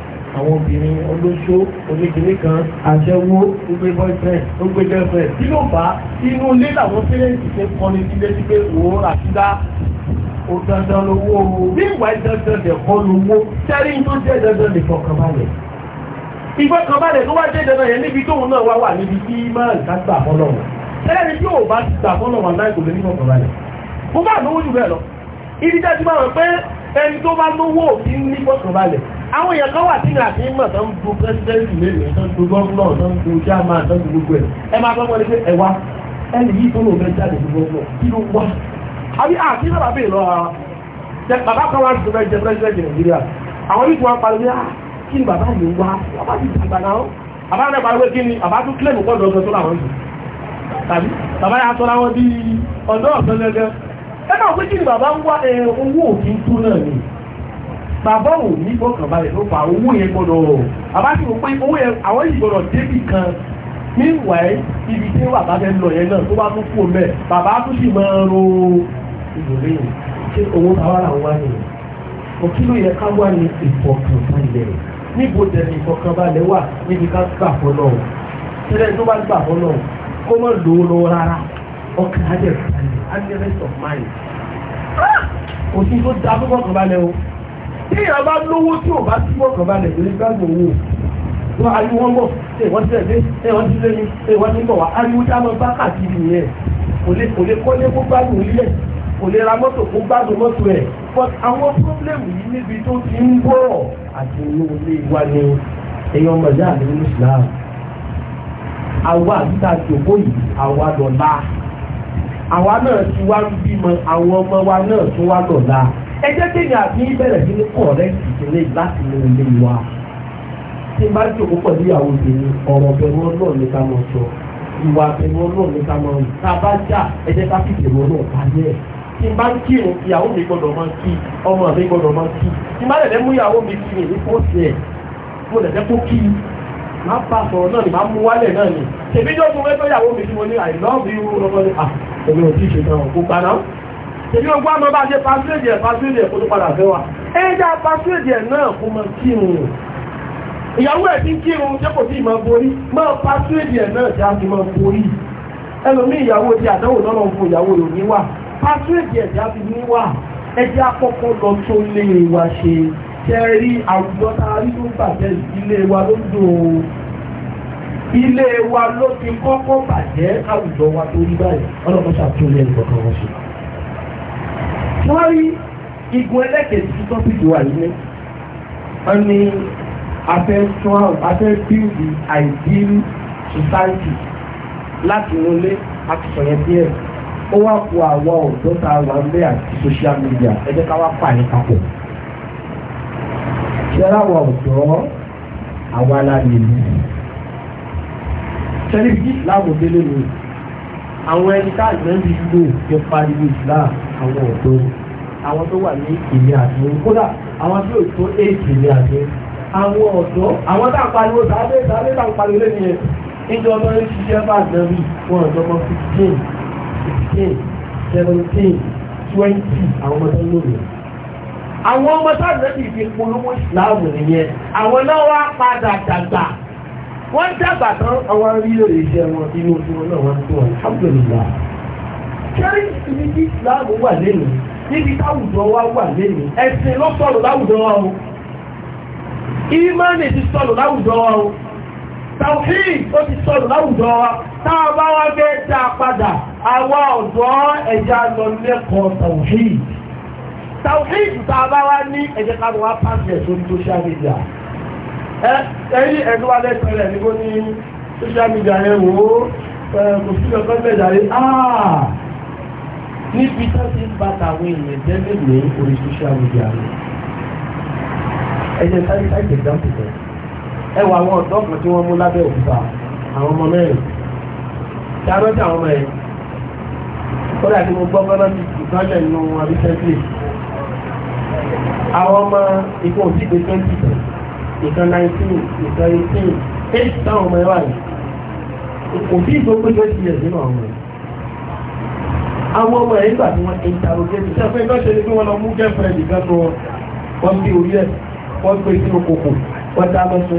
àwọn obìnrin olóṣó onígbìnrin kan àṣẹwó gbogbo boyfriend gbogbo girlfriend kí ló fà inú ilé làwọn pérèǹtì ṣe ń sílé sí pé òun àtúndá ó dandan lówó o bí ìwà dandan dẹ̀kọ́ lówó sẹ́rí tó jẹ́ dandan nìkan kan balẹ̀ ìgbẹ́ kan balẹ̀ tó wá jẹ́ dandan yẹn níbi tóun náà wá wà níbi tí máa ká gbà fọlọ́wọ́ sẹ́lẹ̀ni tí ò bá ti gbà fọlọ́wọ́ aláìkò lè ní kọ̀ọ̀kan balẹ̀ mo bá lówó jù bẹ́ẹ̀ lọ ibi dájú máa pé ẹni tó bá lówó òfin ní kọ̀ọ̀kan balẹ̀ àwọn èèyàn kan wà tí ìlà fi mọ̀ tó ń bu pẹ́sidẹ́ntì lélẹ̀ tó ń bu gọ́ọ̀nà tó ń bu jáàmà tó ń bu gbogbo ẹ̀ ẹ máa gbọ́ wọlé pé ẹ wá ẹni yìí tó lò fẹ́ jáde bu gọ́ọ̀nà kí ló wá. àbí àti náà bàbá ìlọ ara jẹ bàbá kan wá ti fẹ́ jẹ pẹ́sidẹ́ntì nàìjíríà àwọn yìí tí wọ́n parí wá kí ni bàbá yìí wá bàbá ti dàgbà náà bàbá náà parí pé kí ni bàbá tún kílẹ̀ mú gbọ́dọ̀ ọ̀sán tó làwọn yìí tàbí bàbá yà sọ láwọn bíi ọ̀dọ́ ọ̀sán gẹ́gẹ́ ẹ náà pé kí ni bàbá ń wá owó òfin tú náà ni bàbá ní gbọ́kànbalẹ̀ ló fa owó yẹn gbọ́dọ̀ àbáṣe wò pé owó yẹn àwọn yìí gbọ́dọ̀ débì kan meanwhile ibi tí wà bá fẹ́ lọ yẹn náà tó bá tún kú mẹ́ bàbá tún sì máa ro ìròlé ṣé owó táwa là ń wá ni òkí ló yẹ ká wá ní ìfọkànbalẹ̀ níbo tẹ̀lé ìfọkànbalẹ̀ wà níbi ká gbà fọ́ náà tẹ́lẹ̀ tó bá gbà fọ́ náà kó mọ̀ lò lọ rárá ọkàn á jẹ́ ìfọkànbalẹ̀ á jẹ́ rest of mind ah! kò tó dá tó kọ̀ọ̀kan o tí èèyàn bá lówó tí ò bá tí mọ̀kàn balẹ̀ lórí gbàgbọ́ owó wọn ariwo wọn bọ̀ ṣé wọ́n ti ẹ̀dẹ́ ṣé wọ́n ti lẹ́yìn ṣé wọ́n ti bọ̀ wá ariwo tá a máa bá káàkiri nìyẹn kò lè kò lè kọ́lé kó gbádùn orílẹ̀ kò lè ra mọ́tò kó gbádùn mọ́tò ẹ̀ but àwọn pọ́blẹ́mù yìí níbi tó ti ń bọ̀ àti inú ilé wa ni èèyàn mọ̀já àti inú Islam àwa àtúntà jòkó yìí àwa lọ́la àwa náà ti wá bímọ àwọn ọmọ wa náà tún wá lọ́la ẹ jẹ́ kéèyàn àbí bẹ̀rẹ̀ sí ní kọ̀ọ̀rẹ́ǹtì ìdílé láti lè lè wá tí bá jòkó pẹ̀lú ìyàwó tèmi ọ̀rọ̀ bẹ̀rù ọlọ́run ní ká máa sọ ìwà bẹ̀rù ọlọ́run ní ká máa rìn tá a bá jà ẹ jẹ́ ká fi bẹ̀rù ọlọ́run parí ẹ̀ tí n bá ń kí òun ìyàwó mi gbọ́dọ̀ máa kí ọmọ mi gbọ́dọ̀ máa kí tí n bá lẹ̀lẹ́ mú ìyàwó mi kí ní fóòsì ẹ̀ mo lẹ̀lẹ́ kó kí má bá a sọ̀rọ̀ náà ni má mú wálẹ̀ náà ni tèmi jọ́ fún ẹgbẹ́ ìyàwó mi tí mo ní àìlọ́ọ̀bù irú ọmọ ní à èyí ogun àmọ́ bá ṣe pàṣílẹ̀dì ẹ̀ pàṣílẹ̀dì ẹ̀ kó tó padà fẹ́ wa ẹjá pàṣílẹ̀dì ẹ̀ náà kó mọ kírun ìyàwó ẹ̀ tí kírun jẹ́ kò tí ì máa borí mọ́ pàṣílẹ̀dì ẹ̀ náà ṣe á fi máa borí ẹlòmí ìyàwó ti àdánwò lọ́nà fún ìyàwó rẹ̀ níwà pàṣílẹ̀dì ẹ̀ já fi níwà ẹjá kọ́kọ́ lọ tó lé wa ilé wa ló ti kọ́kọ́ bàjẹ́ àwùjọ wa tó rí báyìí ọlọ́mọ ṣàtúnyẹ̀ nǹkan kan wọ́n ṣe wọ́n rí igun ẹlẹ́kẹ̀ẹ́sì tó tọ́pìkì wà yìí ní wọ́n ní afẹ́ strong afẹ́ build the ideal society láti wọlé àtìsọ̀yẹ díẹ̀ ó wá kó àwọn ọ̀dọ́ tá a wà ń àti social media ẹ jẹ́ ká wá pa ní papọ̀ ṣẹ́ra wà ọ̀dọ́ àwa la lè lù ṣẹ́rí bí láwùjọ lè lù àwọn ẹni tá àgbẹ̀bí lò fi pariwo islam àwọn ọ̀dọ́ àwọn tó wà ní ìlú àti kódà àwọn tí ò tó éèkì ní àti àwọn ọ̀dọ́ àwọn tá à ń pariwo sáré sáré tá à ń pariwo lẹ́nu yẹn níjọ ọmọ yẹn ṣiṣẹ́ bá àgbẹ̀bí fún ọ̀dọ́ ọmọ fifteen sixteen seventeen twenty àwọn ọmọ tó ń lò yẹn àwọn ọmọ tá àgbẹ̀bí fi polówó islam nìyẹn àwọn náà wá padà dàgbà wọ́n ń dàgbà tán àwọn arílò iṣẹ́ wọn inú tí wọn náà wọ́n tó alhamdulillah kẹ́rì ibi tí ìsìláàmù wà lẹ́nu níbi táwùjọ wa wà lẹ́nu ẹ̀sìn ló sọ̀rọ̀ láwùjọ wa o ìmánì ti sọ̀rọ̀ láwùjọ wa o tàwíì ó ti sọ̀rọ̀ láwùjọ wa táà bá wá gbé dá padà àwa ọ̀dọ́ ẹ̀yà lọ lẹ́kọ̀ọ́ tàwíì tàwíì tá a bá wá ní ẹ̀jẹ̀ ká ẹ̀yìn ẹ̀tọ́ wá lẹ́sìn rẹ̀ níbo ní social media rẹ̀ wò ó kò sí ọ̀kan mẹ́ta rẹ̀ áà níbi tó ti ń bàtà àwọn èèyàn jẹ́lẹ̀ ní orí social media rẹ̀ ẹ̀jẹ̀ sáré sáré example rẹ̀ ẹ wọ àwọn ọ̀dọ́ kan tí wọ́n mú lábẹ́ òkúta àwọn ọmọ mẹ́rin tí a rántí àwọn ọmọ yẹn kódà tí mo gbọ́ fẹ́ràn ti ìgbàlẹ̀ nínú àbíṣẹ́ńtì àwọn ọmọ ikú òsì gbé ìkan nineteen ìkan eighteen eight táwọn ọmọ ẹ wà yìí kò sí ìgbókò twenty years nínú àwọn ọmọ ẹ àwọn ọmọ ẹ nígbà tí wọ́n interrogate ṣe fẹ́ bá ṣe ni pé wọ́n lọ mú girlfriend kan tó wọ́n bí orí ẹ̀ wọ́n gbé sínú kòkò wọ́n dá lọ sọ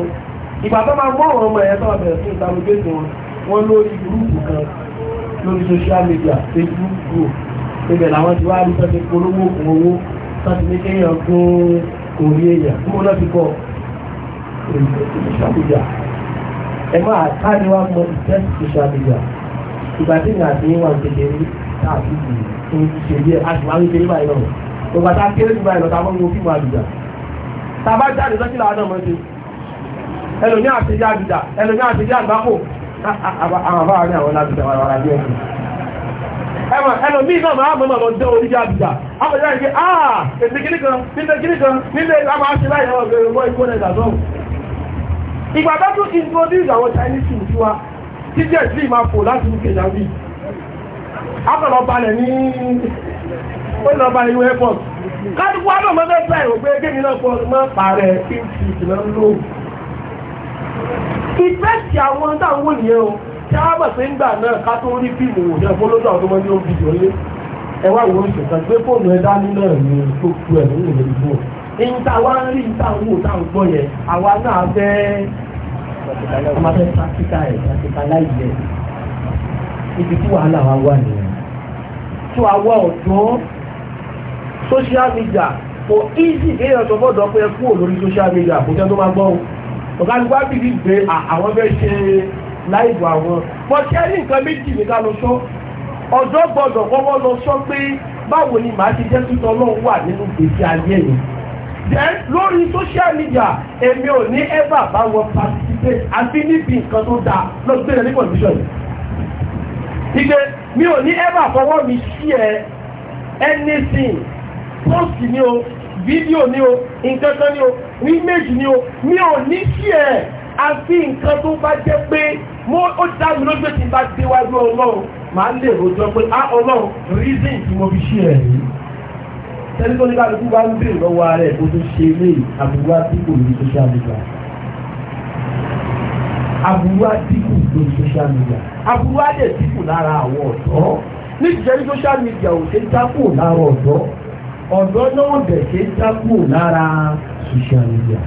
ìgbà tó máa mú àwọn ọmọ ẹ tó wà bẹ̀rẹ̀ sí interrogate wọn wọ́n lórí gúrúùpù kan lórí social media facebook group ibẹ̀ làwọn ti wá rí sọ́ọ́ ti polówó òkun owó sọ́ọ́ ti ní kéèyàn gún orí èèyàn kúrò náà ti kọ́ ọ ìṣàbíjà ẹ máa káàdì wa mọ ìfẹ́ ìṣàbíjà ìgbà tí ìgbà tí wà kékeré káàkiri fún ìṣèlú ẹ àti wà kékeré báyìí náà ìgbà tá a kéré jù báyìí lọ tá a mọ̀ fíìmù àbíjà tá a bá jáde lọ́sí làwọn náà mọ̀ ṣe ẹlòmí àtijọ́ àbíjà ẹlòmí àtijọ́ àgbákò àwọn àbáwọn ní àwọn lábíjà wà wà lẹ́yìn ẹ̀wọ̀n ẹlòmí náà máa mọ̀ lọ jẹ́ oníjà àbíjà àbájá ìgbé àà ètè kìnnìkan nílé kìnnìkan nílé àwọn aṣèláyà ọ̀gbẹ̀rẹ̀ mọ́ ìkó ìgbà tó tún introduce àwọn Chinese food sí wa tí jẹ́ sí máa fò láti UK dàbí akọ̀lọ̀ balẹ̀ ní ọlọ́ba ìwé airport kálukú wa náà mọ́tò ẹ̀sẹ̀ ìwò pé kémi náà pọ̀ mọ́ pààrẹ̀ kíntì ìdìbò ń lò ìfẹ́sì àwọn táwọn wò nìyẹn o tí a bọ̀ sí ń gbà náà ká tó rí fíìmù wò ní ẹ̀fọ́ lójú àwọn tó mọ́ ní ó ń bìjọ́ lé ẹ̀wá ìwé ìṣẹ̀kan gbé níta wá ń rí níta ń wò gbọ́ yẹn àwa náà fẹ́ ọmọ fẹ́ pàtíkà social media kò easy kéèyàn sọ fọ́dọ̀ pé kú ò lórí social media kò jẹ́ tó máa gbọ́ ọ̀gá ni wá bìbí gbé àwọn fẹ́ ṣe láìbò àwọn bọ́sẹ̀ ní nǹkan méjì nìkan lọ sọ ọ̀dọ́ gbọ́dọ̀ kọ́kọ́ lọ sọ pé báwo ni màá ti jẹ́ tútọ́ ọlọ́run wà nínú gbèsè ayé yìí then lórí social media èmi ò ní ever bá wọn participate àti níbi nǹkan tó dáa lọ́sọ̀tẹ̀ rẹ̀ condition ìgbé mi ò ní ever fọwọ́ mi share anything post ni o fídíò ni o nǹkan kan ni o image ni o mi ò ní share àti nǹkan tó bá jẹ́ pé mo ó dá mi lójú ti bá déwájú ọlọ́run máa lè rojọ́ pé á ah, ọlọ́run reason tí mo fi share yìí ẹni tó ní ká lókù bá ń bèèrè lọ́wọ́ ààrẹ kó tó ṣe lé àbúrú àdínkù ní social media àbúrú àdínkù ní social media àbúrú àdẹ̀ dínkù lára àwọn ọ̀dọ́ ní ìṣẹ́rí social media ò ṣe ń dákù lára ọ̀dọ́ ọ̀dọ́ náà dẹ̀ ṣe ń dákù lára social media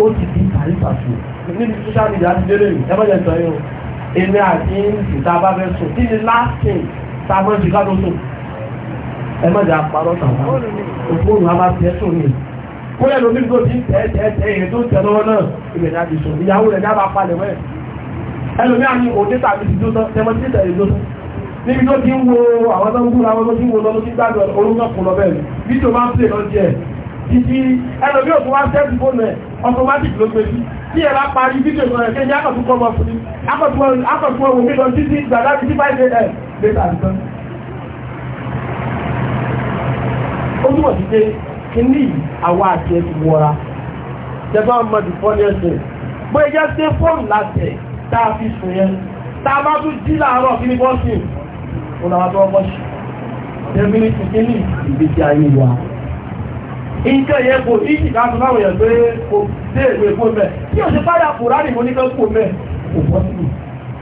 ó ti di kàrífàṣù nínú social media ti lérè yìí ẹ má jẹ́ sọ yín o èmi àti ìta bá fẹ́ sùn kí ni last thing tá a mọ̀ sùn ẹ má jà parọ́ tàwọn òfóònù àbá tiẹ̀ sùn ní. kó lẹ́nu omi tó ti tẹ́ tẹ́ tẹ́ èyí tó tẹ̀ lọ́wọ́ náà ibẹ̀ ní àti sùn ìyàwó rẹ̀ ní àbá palẹ̀ mọ́ ẹ̀. ẹlòmí àní òde tàbí ti dúró tán tẹmọ títẹ̀ lè dúró níbi tó ti ń wo àwọn tó ń kúra àwọn tó ti ń wo lọ́dún tí gbàgbọ́ orúkọ kù lọ bẹ́ẹ̀ bí tó máa ń pè lọ jẹ títí ẹlòmí òkú wá sẹ́ẹ̀tì fóònù ẹ̀ automatic ló gbé sí tí ẹ bá parí fídíò sọ ẹ̀ kéjì akọ̀tún kọ́ ọmọ fún mi akọ̀tún wọn wo mí lọ títí gbàdá ó túmọ̀ sí pé kíní àwa àti ẹ ti wọra tẹ́gbà mọ́ di fọ́ọ̀lì ẹ̀sẹ̀ bóyá jẹ́ pé fóònù látẹ̀ tá a fi sùn yẹn tá a bá tún jí láàárọ̀ kí ni bọ́ọ̀sì ó làwọn tó wọ́pọ̀ sí ẹbí ní kíní ìgbésí ayé wa nǹkan yẹn kò ní ìjì láti láwọn èèyàn pé kò dé ìwé kó mẹ́ tí o ṣe padà kò rárá ìwé oníkan kó mẹ́ kò bọ́ sí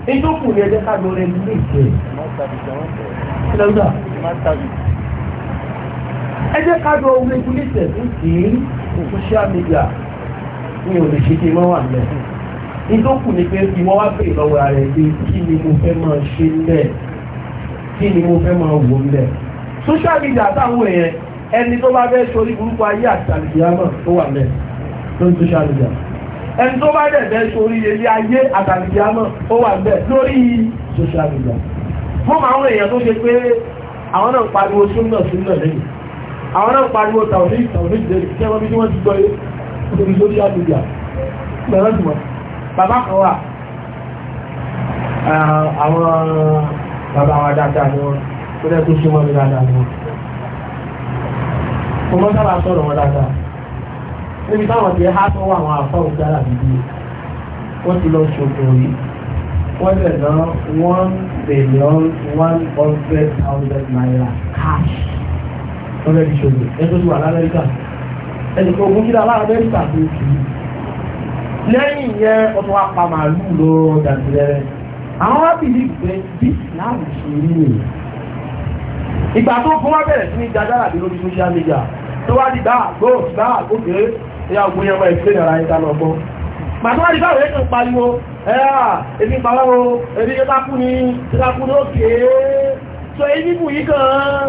i ní tó kù ní ẹjẹ́ ká lọ rẹ nílé ìfẹ́ ẹ jẹ́ ká lọ regulate ní social media mi ò lè ṣe kí n máa wà mẹ́ ìdókù ni pé kí wọ́n wá pè lọ́wọ́ ara ẹ̀ pé kí ni mo fẹ́ máa ṣe ńlẹ̀ kí ni mo fẹ́ máa wò ńlẹ̀ social media táwọn èèyàn ẹni tó bá fẹ́ sórí burúkú ayé àti àlùkìyámà tó wà mẹ́ lórí social media ẹni tó bá dẹ̀ fẹ́ sórí ilé ayé àti àlùkìyámà tó wà mẹ́ lórí social media fún àwọn èèyàn tó ṣe pé àwọn náà pariwo súnmọ̀ súnmọ̀ lẹ́yìn àwọn náà pariwo tàwọn ìtàwọn ìjẹ́rì kí wọ́n bí wọ́n ti gbọ́ orí lórí àdúgbà lọ́rọ̀ jùmọ̀ bàbá kan wà àwọn bàbá wa dáadáa ni wọ́n tó dẹ́ tó ṣe mọ́ mi dáadáa ni wọ́n mo mọ́ sábà sọ̀rọ̀ wọn dáadáa níbi táwọn ti há sọ́wọ́ àwọn àfọ́ òkúta àbíbí wọ́n ti lọ ṣòkòrò yìí wọ́n lè ná one billion one hundred thousand naira cash lọ́rẹ́ ti ṣòwò ẹjọ́ ti wà lámẹ́ríkà ẹnìkan ogun kíra lámẹ́ríkà tó kì í lẹ́yìn yẹn ọmọ apá màálù ló dàbí rẹ̀ àwọn wá bìlí pé bí láàrú ṣe rí nìyí ìgbà tó fún wá bẹ̀rẹ̀ sí ní dáadáa bí lórí social media tó wá di bá àgbò bá àgbòkè ẹ̀yà ògùn yẹn wọ́n ìfẹ́ ìrara ìta lọ gbọ́ màtúwá di báwo lẹ́kàn pariwo ẹ̀yà èmi pàwọ́ ebi tó bá kú ní tó bá kú ní òkè so èyí kù yìí kan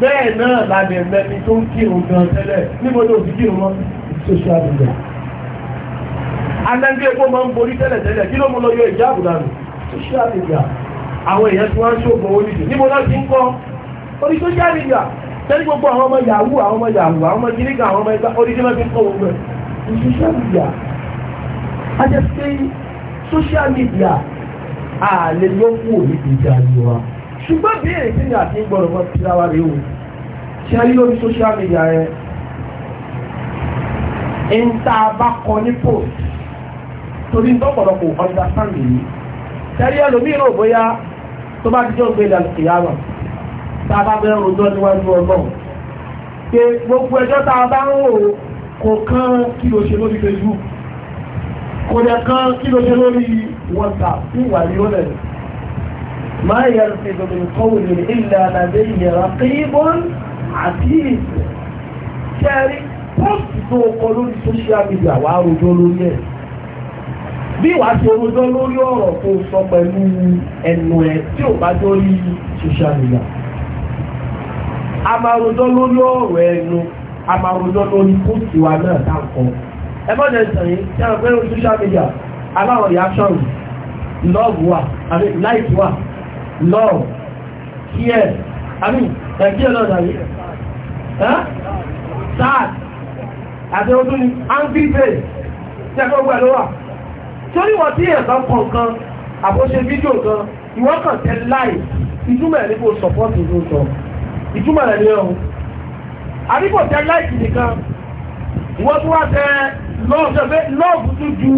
bẹ́ẹ̀ náà lábẹ̀ mẹ́ni tó ń kírun gan tẹ́lẹ̀ níbo ló fi kírun mọ́ social media adájọ́ epo máa ń borí tẹ́lẹ̀ tẹ́lẹ̀ kí ló mú lọ yọ ìjà àbùdá nù social media àwọn èèyàn tí wọ́n ń ṣògbọ́n oníṣì níbo náà ti ń kọ́ orí social media tẹ́lẹ̀ gbogbo àwọn ọmọ yahoo àwọn ọmọ yahoo àwọn ọmọ gírígà àwọn ọmọ ẹgbẹ́ orí tí wọ́n ti ń kọ́ gbogbo ẹ̀ social media a jẹ́ pé social media a lè yọ kúrò níbi ṣùgbọ́n béèrè sí ni àti gbọ́dọ̀ mọ́ ti ráwá rí o ṣe rí lórí social media yẹn ń tá a bá kọ ní post torí ń tọ́pọ̀lọ́ kò understand yìí ṣẹ́rí ẹlòmíràn ò bóyá tó bá dijọ́ gbé ìlànà ìyáwó tá a bá bẹ́ẹ̀ rojọ́ níwájú ọgbọ́n pé gbogbo ẹjọ́ tá a bá ń wò kò kán kí ló ṣe lórí Facebook kò dẹ̀ kán kí ló ṣe lórí WhatsApp fún ìwà ìrọ̀lẹ́ rẹ̀. ما يلفظ من قول إلا لديه رقيب عتيد ṣẹ́rí pọ́ọ̀tù tó social media wà á lórí ẹ̀ bí wàá ṣe rojọ́ lórí ọ̀rọ̀ tó sọ pẹ̀lú ẹnu ẹ̀ tí ò bá jọ rí social media a máa rojọ́ lórí ọ̀rọ̀ ẹnu a máa rojọ́ lórí pọ́ọ̀tù wa náà dáǹkọ́ ẹ sẹ́yìn tí social media love care i mean thank you lord Huh? sad àti ọdún ni angry face tí ẹgbẹ́ ogun ẹ̀lọ́wà torí wọ́n tí ẹ̀kan kọ̀ọ̀kan àbóṣe fídíò kan ìwọ́n kàn tẹ láì ìtumọ̀ ẹ̀ ní kò sọ̀pọ́tì ìlú sọ ìtumọ̀ ẹ̀ ní ọ̀hún àdípò tẹ láìkì nìkan ìwọ́n tún wá tẹ lọ́ọ̀bù tún ju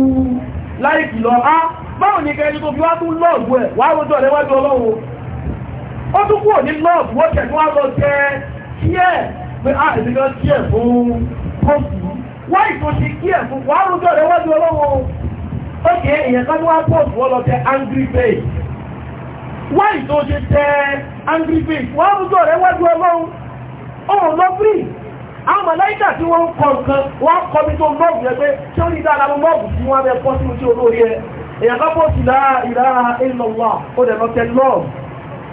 láìkì lọ á ah! báwọn ní kẹrin tó fi wá tún lọ́ọ̀bù ẹ̀ wá rójọ lẹ́wọ́jú ọlọ́wọ́ ó tún kúrò ní lọ́ọ̀bù ó tẹ̀ wá lọ jẹ́ kí ẹ̀ pé a ah, èmi lọ kí ẹ̀ fún kóòtù wá ìtò ti kí ẹ̀ fún wá rójọ lẹ́wọ́jú ọlọ́wọ́ ó kẹ́ èèyàn kan wá kóòtù ó lọ jẹ́ angry face. wá ìtò ti tẹ́ angry bay wá rójọ lẹ́wọ́jú ọlọ́wọ́ ó lọ free àwọn mọ̀láíkà tí wọ́n ń kọ nǹkan wọ́n kọ́ mi tó mọ́ọ̀bù yẹn pé tí ó ní dáadáa mọ́ọ̀bù tí wọ́n bẹ pọ́ sínú tí olórí ẹ̀ èyàn kan bóòtù láàá ìlọ́wà ó dẹ̀ lọ́tẹ́ lọ́ọ̀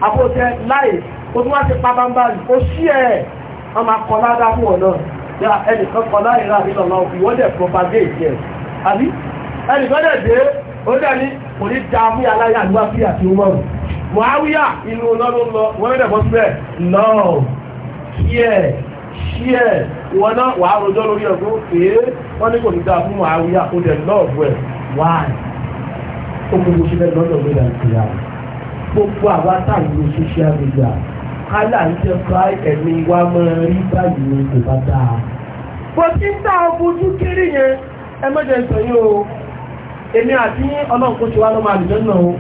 àbóòtẹ́ láì ó tún wá ti pa bámbáyì ó sí ẹ̀ ọmọ akọládá fún ọ̀nà ya ẹnìkan kọ láìra ìlọ́wà ìwọ́dẹ̀ propagate ẹ̀ àbí ẹnìkan dẹ̀ dé ó dẹ̀ ní kò ní da mí aláyà ní wáfí àti muawiya inú ọ̀nà ló lọ wọ́n dẹ̀ bọ́ síbẹ̀ lọ́ọ̀ kíẹ̀ kíẹ̀ wọn náà wàá rojọ́ lórí ọ̀gbọ́n pé wọ́n ní kò ní da fún muawiya ó dẹ̀ lọ́ọ̀ bú ẹ̀ wáyé ó gbogbo ṣe bẹ́ẹ̀ lọ́dọ̀ lórí àìsíyà gbogbo àwa táwọn social media kálá ń jẹ́ bá ẹ̀mí wa máa rí báyìí ní kò bá dáa. bó ti ń dá ojú kéré yẹn ẹ mọ́jọ ìsọ̀ yìí o èmi àti ọlọ́run kó ṣe wá lọ́mọ àlùjọ náà o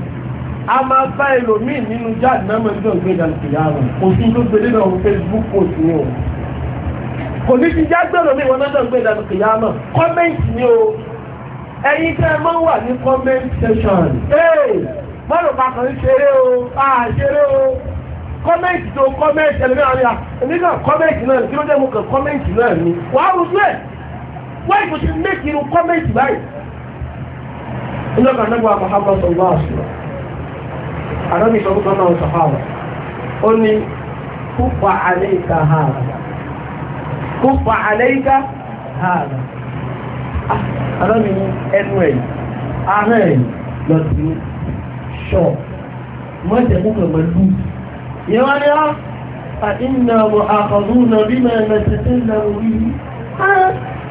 a máa bá ẹlòmíì nínú jáde náà mọ̀ nígbà ògbé ìdàlùkìlá rẹ̀ kò sí Facebook post o kò ní ti mi wọn náà gbé ìdàlùkìlá náà kọ́mẹ́ǹtì ni o ẹ̀yin tẹ́ ẹ máa ń wà ní comment section ee mọ́rò papọ̀ ń ṣeré o a ṣeré o comment tó comment ẹlẹ́mìíràn ni ah, èmi náà comment náà ni kí ló dé mo kàn comment náà ni wàá rú sílẹ̀ wọ́n ìkò ṣe méjì irú comment báyìí. inú ọkàn náà wà Muhammad sallallahu alaihi wasallam àdọ́bí sọ fún náà sọ fáwọn ó ní kúpa àlẹ́ ìka hàrà kúpa àlẹ́ ìka hàrà. Ah, alámi ẹnu ẹ̀ ara ẹ̀ lọ sí ṣọ́ mọ́jẹ̀ mú kàn pẹ̀lú yẹn wá ní á àìnà ọmọ àkọ̀dún náà bí mẹ́rin ti ti ń lẹ́rù rí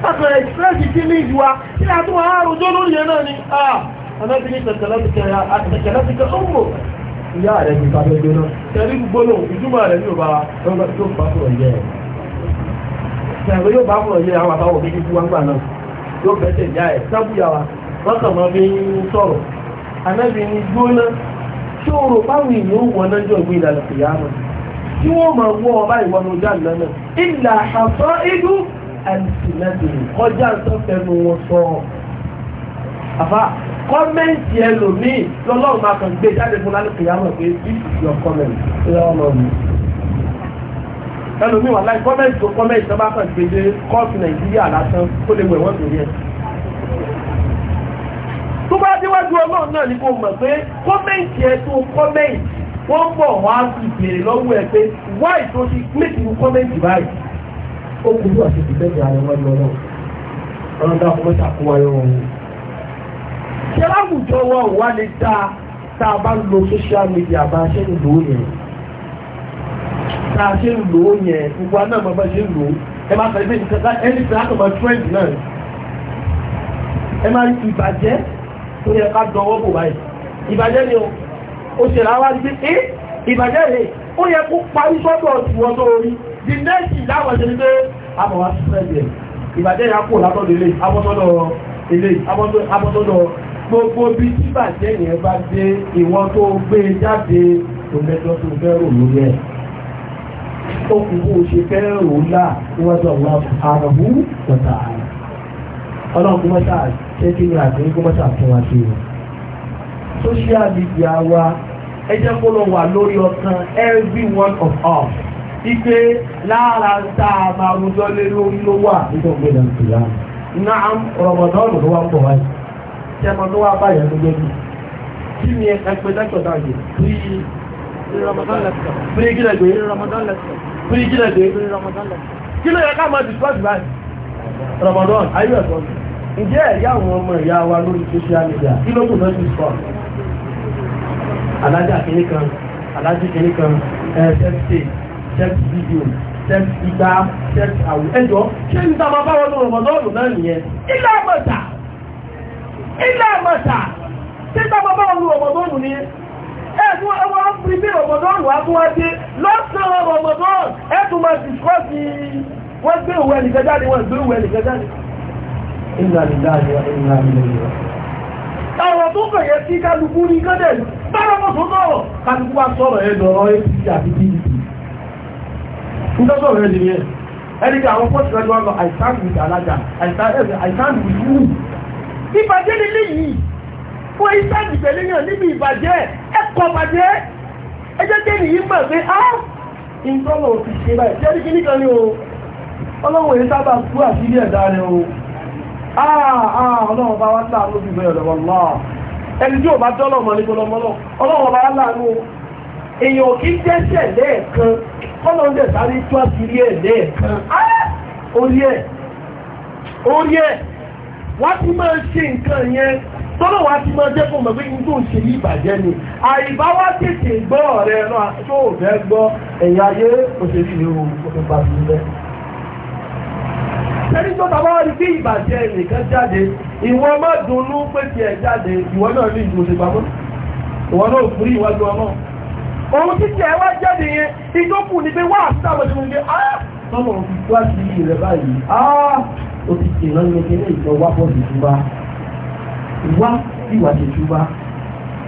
Àkọ̀ ẹ̀sìlẹ́sì tí ní ìjúwa tí a tún àárùn tó lórí ẹ̀ náà ni, ah, anábìnrin tẹ̀kẹ̀lẹ́sìkẹ̀ ọmọ ìyá rẹ̀ ti sáré gbé náà tẹ̀lé gbólóhùn ìjúmọ̀ rẹ̀ ní ọba yóò bá fún ọ̀yẹ́ ẹ̀ tẹ̀lé yóò bá fún ọ̀yẹ́ àwọn àbáwọ̀ méjì fún wa ń gbà náà yóò fẹ́ tẹ̀ já ẹ̀ sábúyà wa wọ́n kàn máa fi ń sọ̀rọ̀ anábì ní gbóná tí o rò báwọn èèyàn ó wọ́n lọ́jọ́ ìwé ìlànà ìyá náà tí wọ́n máa wọ́ ọba ìwọ́n ojú àná náà ìlà àṣọ inú àìsínàdì kọjá sọ́fẹ́nu wọn sọ àbá kọ́mẹ́ǹtì ẹlòmíì lọ́lọ́run máa kàn gbé jáde fún lálẹ́ ìyá náà pé this is your comment ẹlòmíì wà láì gọ́mẹ̀ntì tó gọ́mẹ̀ntì tó bá kàn gbèdé kóòtù nàìjíríà lásán tó lè wẹ̀ wọ́n lórí ẹ̀. tó bá déwájú ọlọ́run náà ni kò mọ̀ pé gọ́mẹ̀ntì ẹ tó gọ́mẹ̀ntì wọ́n bọ̀ wá sí ìbéèrè lọ́wọ́ ẹ pé wáì tó ti méjì ní gọ́mẹ̀ntì báyìí. ó kú bí àti ìbẹ́jì ara wọn lọ náà ọlọ́run dá ọkọ̀ mẹ́ta kó wáyé wọn. ṣé social media bá a ṣe ń ta ṣe ń lò ó yẹn gbogbo aná mọ̀ bá ṣe ń lò ó ẹ máa sọ̀rọ̀ ìbéjì kankan ẹni tí wọ́n á tọ̀mọ̀ trend náà ẹ máa rí ìbàjẹ́ tó yẹ ká dọwọ́ bò báyìí ìbàjẹ́ ni ó ṣe ra wá sí pé eh, ìbàjẹ́ rẹ̀ ó yẹ kó parí sọ́dọ̀ ìwọ́n tó rí the next ìdáwọ̀ ṣe ni pé àbọ̀ wá sí fẹ́ẹ̀ ìbàjẹ́ yà kó látọ̀dọ̀ ilé abọ́sọ́dọ̀ ilé abọ́sọ́dọ̀ gbogbo bí tí bàjẹ́ yẹn bá dé ìwọ́n tó gbé e jáde tòmẹ́tọ́ tó fẹ́ rò lórí ẹ̀ ó kù bó ṣe fẹ́ ńlá níwájú àwọn àrùbú ọ̀tà ọlọ́run kó mọ́tà ni àgbẹ̀ kó mọ́tà o. social media wa ẹ jẹ́ kó lọ wà lórí ọkàn every one of us ipe lára tá a máa rújọ́ lé lórí ló wà nígbà ògbéra ìgbéra náà rọmọdọ́ọ̀nù ló ń tó ni free kílẹ̀ gbé free kílẹ̀ gbé kílẹ̀ yẹ ká máa discuss báyìí Ramadan ayé ẹ̀kọ́ ǹjẹ́ ẹ̀yà àwọn ọmọ ìyá wa lórí social media kí ló kò fẹ́ discuss alájà kìíní kan alájì kìíní kan ẹ̀ẹ́dẹ́gbẹ̀ text video text igba text àwọn ẹjọ́ ṣé ní sábà báwọn lórí Ramadan náà nìyẹn ilé àmọ̀ta ilé àmọ̀ta ṣé sábà báwọn lórí Ramadan nìyẹn ẹ̀mú ẹwọ́ pípé Ramadan wà tó wá dé lọ́sàn-án Ramadan ẹ̀tù máa ti kọ́ sí wọ́n gbé òwe ẹnìkan jáde wọ́n gbé òwe ẹnìkan jáde ọ̀rọ̀ tó bẹ̀yẹ sí kálukú ní gọ́dẹ̀ bára mọ́ sọ́tọ̀ kálukú wá sọ́rọ̀ ẹ̀dọ̀rọ̀ apc àti pdp ìtọ́sọ̀rọ̀ ẹ̀dì yẹn ẹ̀dìkà àwọn pọ́sìtẹ̀lẹ́gbọ́n I stand with alága I stand with you ìbàjẹ́ lélẹ́yìí fún iṣẹ́ ìgbẹ̀lẹ́yàn níbi ìbàjẹ́ ẹ̀kọ́ bàjẹ́ ẹjẹ́ tẹ́ nìyí mọ̀ pé á ìtọ́lọ̀ ti ṣe báyìí tẹ́rí kí nìkan ni o ọlọ́wọ̀ èyí sábà tú àṣírí ẹ̀dá ni o ọlọ́wọ̀ bá wá láàánú bí bẹ́ẹ̀ lọ́wọ́ náà ẹni tí ò bá tọ́lọ̀ mọ̀ ní gbọlọmọlọ ọlọ́wọ̀ bá láàánú èèyàn kì í jẹ́sẹ̀ lẹ́ẹ̀kan kọ́lọ́ ń dẹ̀ sáré tú àṣírí ẹ̀ lẹ́ẹ̀kan orí ẹ̀ orí ẹ̀ wá tún máa ṣe nǹkan yẹn tọ́lọ̀ wá ti máa jẹ́ fún mọ̀ pé tó ń ṣe ní ìbàjẹ́ ni àìbá wá tètè gbọ́ ọ̀rẹ́ ẹ̀rọ tó ò fẹ́ gbọ́ ẹ̀yà ayé òṣèlú ni ó ń bá fi lẹ́ sẹ́ni tó bàbá wá rí bí ìbàjẹ́ nìkan jáde ìwọ má dunnú pé tiẹ̀ jáde ìwọ náà ní ìdùnnú ṣe pamọ́ ìwọ náà fúrí ìwájú ọmọ òun títí ẹ wá jáde yẹn ìjókòó wá ìwà tẹ̀túbá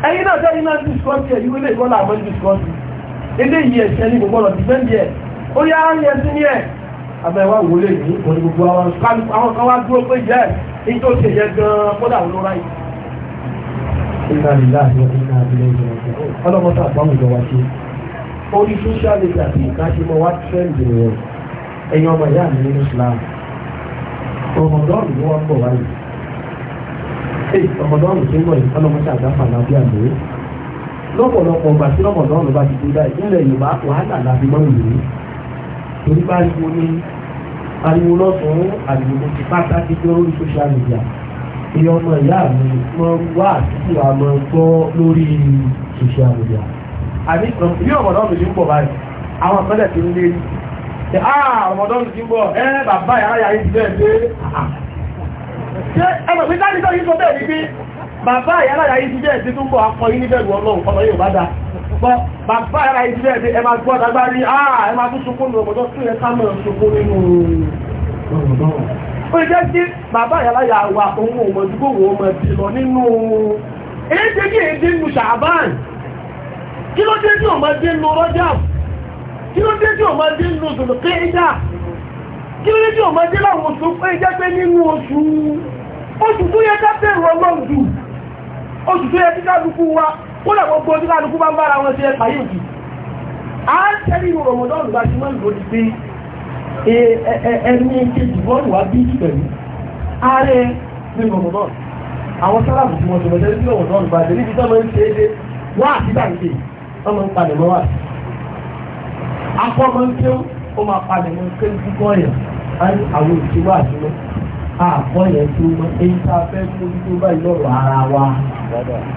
ẹ̀yìn náà tẹ́yìn náà discourse ẹ̀ ìwé lè kọ́ làwọn discourse ilé yìí ẹ̀ṣẹ́ ní gbogbo ọ̀nà dìbẹ́ndì ẹ̀ ó yá ẹ̀ sí ní ẹ̀ abẹ́wà wò lè ní òní gbogbo àwọn kan wá dúró pé yẹ ní tó ṣe yẹ gan-an kódà wọn ló ráyè. ìgbà nílá àti ìgbà abilé ìjọba ọlọ́mọta àbáwọn ìjọba ṣe orí social media àti ìkáṣímọ̀ wá trend rẹ̀ ẹ̀yin ọmọ ìyá mi nínú Islam ọmọdọ́ọ̀lù ló wá ń bọ̀ wáyé ọmọdọ́ọ̀nù tó ń bọ̀ yìí ọlọ́mọṣẹ́ àdáfà lábí àmì lọ́pọ̀lọpọ̀ ọgbà tí ọmọdọ́ọ̀nù bá ti dé dá ìpínlẹ̀ Yorùbá wàhálà láti mọ́ ìlú torí bá ń wo ní ariwo lọ́sàn-án àdìgbò ti pátá ti gbé lórí social media ìyá ọmọ ìyá mi mọ wá àtúntò àmọ́ gbọ́ lórí social media àbí ìlú ọmọdọ́ọ̀nù ti ń bọ̀ báyìí àwọn àpẹẹrẹ ti ń lé ṣe ọmọdọ́ọ̀nù ah, ti ń bọ̀ eh, ẹ ṣe ẹgbẹ̀ pín láti sọ yíso bẹ́ẹ̀ ní pé bàbá ìyálára yìí ti bẹ́ẹ̀ sí tún bọ̀ akọ yìí níbẹ̀rù ọlọ́run ọmọ yóò bá dáa bàbá ìyálára yìí ti bẹ́ẹ̀ sí ẹmà gbọ́ ọ̀dàgbà rí àà ẹmà tún sunkún ní ọmọdọ́ tún yẹ kámọ̀ sunkún nínú ó jẹ́ sí bàbá ìyálára wa ohun òmọdúgbò wọn mọ̀ sí lọ nínú èyí jẹ́ kí èdè nù ṣàbáàn kí ló dé tí ọmọdé nù rọ́jà kí ló dé tí ọmọdé nù zùlùkẹ́ ìjà kí ló ní ọmọ dé láwọn oṣù pé jẹ́ pé nínú oṣù oṣù tó yẹ ká bẹ̀rù ọlọ́run jù oṣù tó yẹ kí kálukú wa kó lè gbogbo tí kálukú bá ń bára wọn ṣe ẹ pàyè jù á ń tẹ́lẹ̀ ìwọ̀n ọmọdọ́rùn bá ti mọ́ ìgbòdì pé ẹni kejì bọ́ọ̀lù wá bí pẹ̀lú ààrẹ nínú ọmọdọ́rùn àwọn sáláàbù tí wọ́n ti mọ̀tẹ́lẹ̀ sí ọmọdọ́rùn bá dé níbi tó máa ń ṣe é dé wá àtìgbà ń mọ́ ń kéwú ó máa àwọn òṣèlú àjùmọ̀ àkọ́ yẹn tó mọ́ èyí tá a fẹ́ fún ojú tó báyìí lọ́rọ̀ ara wa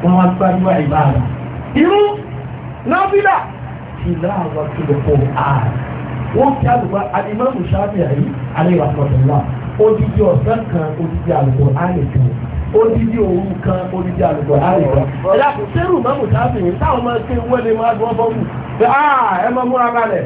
wọ́n wá gbádùn àìbá rẹ̀. irú nábìlà ìlà àwọn kìlọ̀ kò ààrẹ wọ́n kí àlùkò alimọ́mù sábìà yìí alẹ́ ìwàsọ̀tẹ̀lá odidi ọ̀sán kan odidi àlùkò ààrẹ kan odidi òru kan odidi àlùkò ààrẹ kan. ẹ̀dá sẹ́rù mọ́mù sábìà yìí táwọn máa ń ké wọ́n máa gbọ́ bọ́ọ̀mù pé ẹ máa múra balẹ̀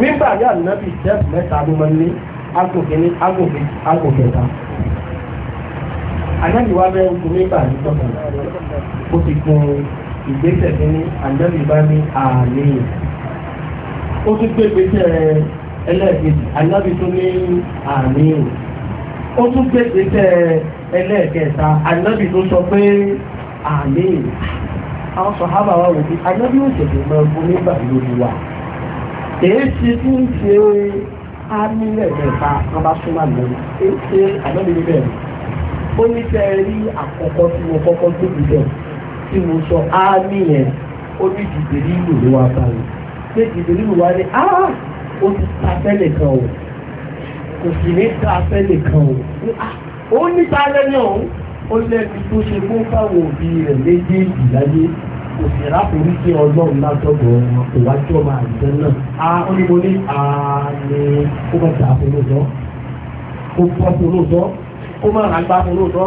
nígbà yà nàbì step mẹ́ta ló máa ń lé agòkèlé agòkè agòkèta anábì wa bẹ́ẹ̀ oṣù nígbà yìí tọ́ka ó ti gun ìgbésẹ̀ kínní anábì bá ní ààlẹ́ yìí ó tún gbé gbèsè ẹlẹ́ẹ̀kejì anábì tó ní ààlẹ́ yìí ó tún gbé gbèsè ẹlẹ́ẹ̀kẹta anábì tó sọ pé ààlẹ́ yìí àwọn sọ̀hábà wa wò bí anábì ó ṣẹ̀ṣẹ̀ máa gun nígbà lórí wa èyí ti tún ń ṣe ámì lẹ́ẹ̀mẹ́ta wọn bá súnmọ́ àgbẹ̀ èyí ṣe àgbẹ̀bí bẹ́ẹ̀ ó ní fẹ́ rí àkọ́kọ́ tí mo kọ́kọ́ tóbi bẹ́ẹ̀ tí mo sọ ámì yẹn ó ní dìde nínú ìlú wa báyìí pé dìde nínú wa ni á ó ti ta fẹ́lẹ̀ kan o kò sì ní ta fẹ́lẹ̀ kan o ó ní ta lẹ́yìn ọ̀hún ó lẹ́bi tó ṣe fún fáwọn òbí rẹ̀ méjèèjì láyé kò sì rákòrí kí ọlọ́run látọ̀dọ̀ wọn kò wá jọ máa jẹ́ náà. a ó ní mo ní ààyè kó má ta àfọlọ́sọ kó bọ́ fọlọ́sọ kó má rà gbá fọlọ́sọ.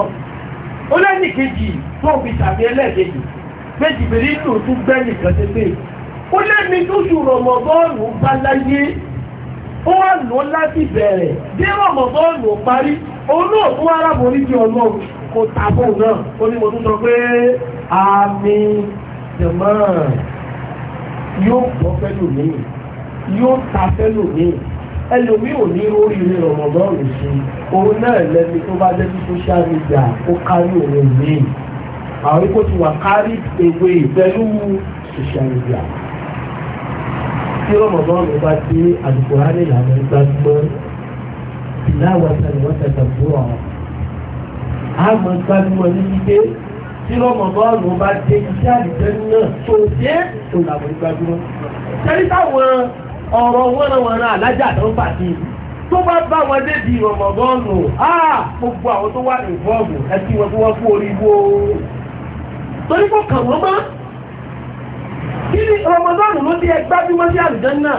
ó lẹ́nu kejì tó fi tàbí ẹlẹ́ẹ̀kejì méjì bèrè ìlú tún gbẹ́yìn nìkan ṣe pé ó lẹ́nu tóṣù rọ̀mọ̀bọ́ọ̀lù bá láyé ó wà lọ láti bẹ̀rẹ̀ dé rọ̀mọ̀bọ́ọ̀lù parí òun náà tó wá rábòrí kí ọlọ́run kò tàbó náà ó ní mo tún sọ pé àmín jẹ̀mọ́ yóò gbọ́ fẹ́lò mí yóò ta fẹ́lò mí ẹlòmíì ò ní orí rẹ rọmọdọ́ọ̀nù sí òun náà lẹni tó bá jẹ́ sí social media ó kárí òun mí àwọn ikú ti wà kárí ewé pẹ̀lú social media tí rọmọdọ́ọ̀nù bá dé àdùkò rárá ìlànà gbajúmọ́ ìlà wàtà ni wọ́n tẹ̀sán fún ọ. àmọ́ gbajúmọ́ ní ilé tí rọmọdọ́ọ̀nù bá dé iṣẹ́ àdìjẹ́ náà tó dé tó làwọn ìgbà dúró. sẹ́rí táwọn ọ̀rọ̀ wọ́nàwọ́nà alájà tó ń bà sí i tó bá bá wọn débi rọmọdọ́ọ̀nù á gbogbo àwọn tó wà ní bọ́ọ̀mù ẹ kí wọn kí wọ́n kú orí wo. torí kò kàn wọ́n mọ́ kí ni rọmọdọ́ọ̀nù ló dé ẹgbẹ́ bí wọ́n sí àdìjẹ́ náà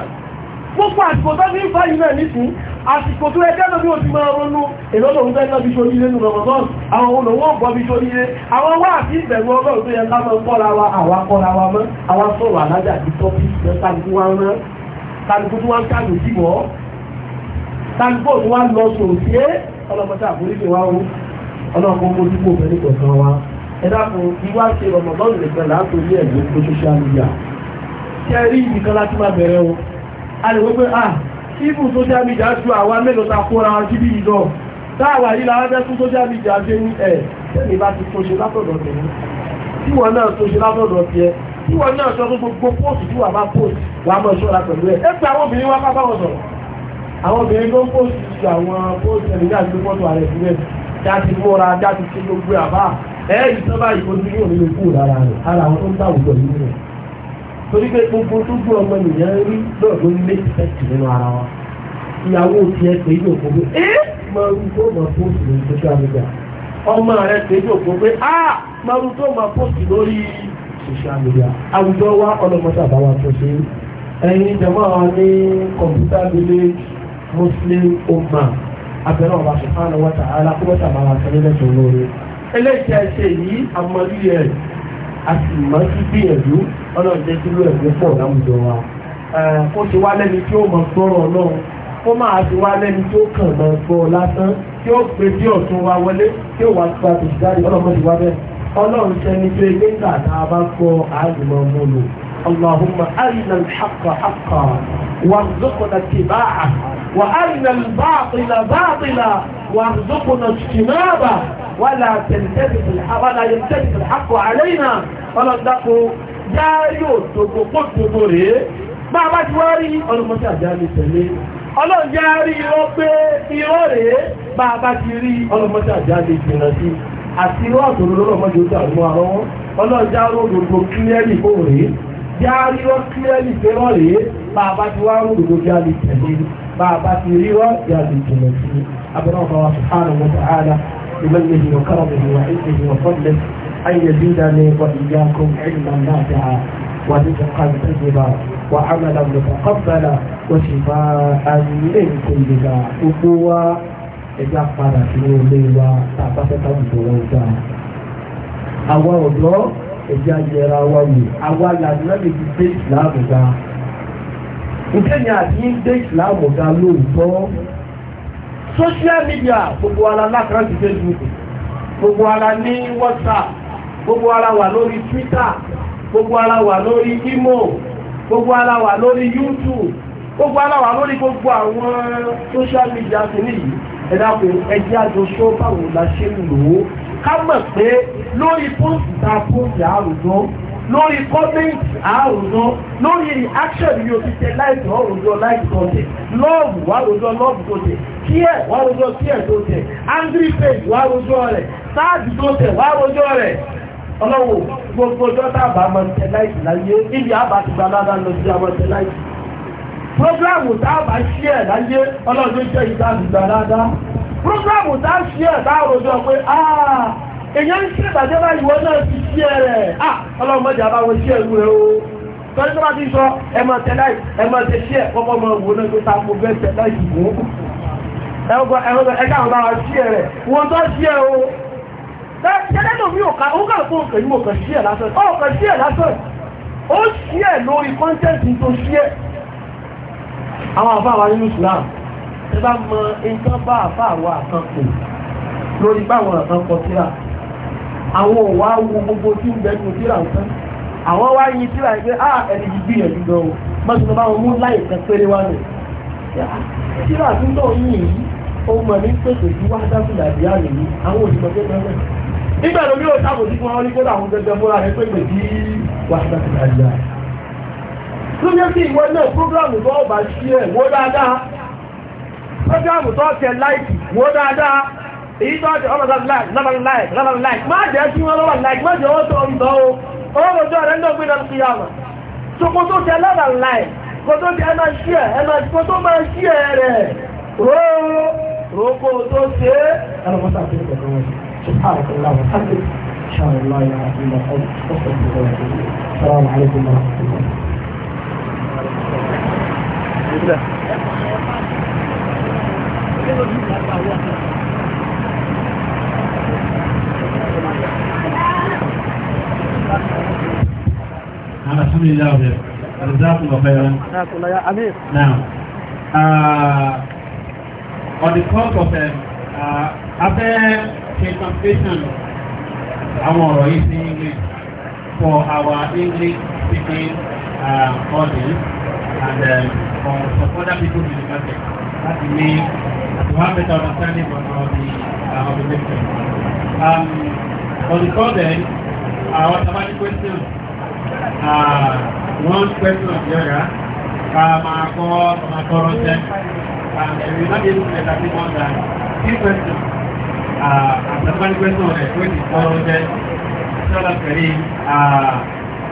gbogbo àsìkò tó fi àsìkò tó ẹjẹ́ lórí òtí máa ronú èlọ́lọ́ ń bẹ́ẹ̀ lọ́bí sórí ilé nùgbọ̀n mọ́tọ́ àwọn olówó gbọ́bí sórí ilé àwọn wá àti ìbẹ̀rù ọlọ́run tó yẹ ká mọ́ kọ́ra wa àwa kọ́ra wa mọ́ àwa sọ̀rọ̀ alájà àti tọ́pì tàbí wá rán tàbí tó wá ń kàlù sí wọ́ tàbí tó wá lọ sòrò sí ọlọ́mọta àforíṣẹ́ wa ó ọlọ́kọ́ mójúkó obìnrin kọ̀ọ̀kan wa ẹ dákun ìwá ṣe ọmọbọ́ọ̀lù nìkan látòrí ẹ̀mí tó ṣoṣ ibùn social media ju àwa mélòó ta kóra wọn síbí ìlọ táàwà yìí la wájẹ́ fún social media ṣe ní ẹ̀ tẹ́lẹ̀ bá ti tóṣe látọ̀dọ̀ tẹ̀lé tí wọ́n náà tóṣe látọ̀dọ̀ tiẹ̀ tí wọ́n náà sọ gbogbo póòsì tí wà bá póòsì wà mọ̀ ṣọ́ra pẹ̀lú ẹ̀ ẹgbẹ́ àwọn obìnrin wá bá wọn sọ̀rọ̀ àwọn obìnrin tó ń póòsì àwọn póòsì ẹ̀mí náà ti mọ́tò ààrẹ sílẹ̀ jáde mọ́ra jáde sí gbogbo àbá ẹ̀ẹ́dì sábà ìkọ́ni yóò nílò kúrò lára rẹ̀ ara àwọn tó ń dáwùjọ yìí rẹ̀ torí pé gbogbo tó gbọ́ ọmọ nìyẹn rí náà ló ń lé ìfẹ́tì nínú ara wa ìyàwó tiẹ̀ pé yóò kó pé ẹ́ máa rú tó máa pósì lórí social media ọmọ rẹ̀ pé yóò kó pé á máa rú tó máa pósì lórí social media àwùjọ wa ọlọ́mọdé àbáwá tó ṣe ẹ̀yin jẹ̀mọ́ ní kọ̀mpútà village muslim umma abẹ́rẹ́ ọba subhanahu wa ta'ala kó bẹ́ẹ̀ tàbá wa sẹ́lẹ̀ lẹ́sọ̀ lórí eléyìí tẹ́ ṣe yìí àmọ́ a sì mọ́ sí gbìyànjú ọlọ́run jẹ́ sílú ẹ̀kọ́ pọ̀ láwùjọ wa kó ti wá lẹ́ni tí ó mọ gbọ́rọ̀ ọlọ́run kó máa ti wá lẹ́ni tí ó kàn mọ́ gbọ́ lásán tí ó pe tí ọ̀tún wa wọlé tí ó wá gba tòṣìdáre ọlọ́run ti wá bẹ́ẹ̀ ọlọ́run ṣẹni pé nígbà tá a bá gbọ́ àjùmọ̀ mọ́ اللهم أرنا الحق حقا وارزقنا اتباعه وأرنا الباطل باطلا وارزقنا اجتنابه ولا تلتبس الحق ولا يلتبس الحق علينا ولا تقوا جايو تبقوا تبوري bàbá ti wá rí ọlọ́mọdé àjálù tẹ̀lé ọlọ́jà rí irọ́ pé irọ́ rèé bàbá ti rí ọlọ́mọdé àjálù ìjìnà sí àti irọ́ àtòrò lọ́lọ́mọdé ó dàrú àrọ́ ọlọ́jà ròdòdò kílẹ́rì bò rèé tí a rí wọ́n kílẹ̀lì pé wọ́n rèé bá a bá ti wá ń rògbò bí a lè tẹ̀lé bá a bá ti rí wọ́n bí a lè tẹ̀lé sí i abẹ́rẹ́ ọ̀gá wa subhanahu wa ta'ala بمنه وكرمه وعزه وفضله أن يزيدني وإياكم علما نافعا ورزقا طيبا وعملا متقبلا وشفاء من كل داء قوة ẹja padà sínú ilé wa tá a bá fẹ́ ká òdòdó wa dáa. àwa ọ̀dọ́ ẹ̀jẹ̀ ayẹra wa wò àwa làná lè fi dé ìsìláàmù ga ǹjẹ́ ni àti ń dé ìsìláàmù ga lóòótọ́ social media gbogbo ara lákàntì facebook gbogbo ara ní whatsapp gbogbo ara wà lórí twitter gbogbo ara wà lórí imo gbogbo ara wà lórí youtube gbogbo ara wà lórí gbogbo àwọn social media ti níyì ẹ̀dá pé ẹjẹ́ àjọṣọ́ báwo la ṣe ń lò ó ká mọ̀ pé lórí púùsì ta púùsì àrùjọ lórí kọ́mẹ́ǹtì àrùjọ lórí action yóò ti tẹ láìsí ọ̀rùjọ láìsí tó tẹ lọ́ọ̀bù wàrùjọ lọ́ọ̀bù tó tẹ kíẹ̀ wàrùjọ kíẹ̀ tó tẹ angry face wàrùjọ rẹ̀ sáàdì tó tẹ wàrùjọ rẹ̀ ọlọ́wọ́ gbogbo dọ́tà bá mọ̀ tẹ láìsí láyé ibi àbá ti gba ládàá lọ sí àwọn tẹ láìsí. programu tá a bá ṣí ẹ̀ láyé ọlọ́dún jẹ́ ìgbà àgbà ládàá program tá a ṣe ẹ̀ tá a rojọ́ pé ah, èèyàn ń ṣe ìbàjẹ́ bá ìwọ náà ti ṣe ẹ̀ rẹ̀ ah, ọlọ́mọdé àbáwọn ṣe ẹ̀rù rẹ̀ o tọ́jú tó bá ti sọ ẹ̀mọ̀ tẹ́lá ẹ̀mọ̀ tẹ́ ṣe ẹ̀ kọ́kọ́ mọ̀ wò náà tó ta mo fẹ́ tẹ́lá ìwò ẹ̀rọ ẹ̀ka àwọn báwa ṣe ẹ̀ rẹ̀ wọ́n tó ṣe ẹ̀ o tẹ́lẹ́dọ̀ mi ò ká ó kà fún òkè yìí kàn sí ẹ̀ lásán ó kàn sí ẹ̀ lásán ó sí ẹ̀ lórí kọ́ńtẹ́ǹtì tó sí ẹ̀ àwọn àbáwa nínú Islam ẹ bá mọ nǹkan bá àbá àwọn àkànkò lórí báwọn àkànkọ síra àwọn ò wá wo gbogbo tí ń bẹnu síra nǹkan àwọn wá yin síra yìí pé á ẹni yìí gbìyànjú gan o mọ́tò náà báwọn mú láì kan péré wá nù. síra tí náà yìn yìí ó mọ̀ ní pèsè tí wá dá fìlà bí àlè yìí àwọn òṣìṣẹ́ tó ń bẹ̀rẹ̀. nígbà tó bí ó sábò sí fún wọn ní kódà àwọn gẹ́gẹ́ múra rẹ pé pèsè wá dá fìlà bí àlè. ló jẹ́ sí ìwọ náà prógráàmù tó ọba ṣí ẹ̀ wọ́n dáadáa pọ́tíwàmù tó tẹ láìkì wó dáadáa èyí tó tẹ ọmọ sáàtì láìkì lábàrí láìkì lábàrí láìkì má jẹ́ sí wọn lọ́wọ́ láìkì má jẹ́ ó tó ń dánwó oòrùn rẹ̀ náà gbé lọ́dún kíyàmà tó kó tó tẹ lábàrí láìkì kó tó tẹ ẹmà sí ẹ ẹmà kó ṣe é الحمد uh, on the call of them um, uh, after the translation àwọn ọ̀rọ̀ to use english for our english speaking uh, audience and um, for, for other people in the market that we may to have better understanding of, of the uh, of the lecture. Um, for the call then, our automatic question, uh, one question of the other, um, uh, my call, my current and uh, we will not be able to entertain more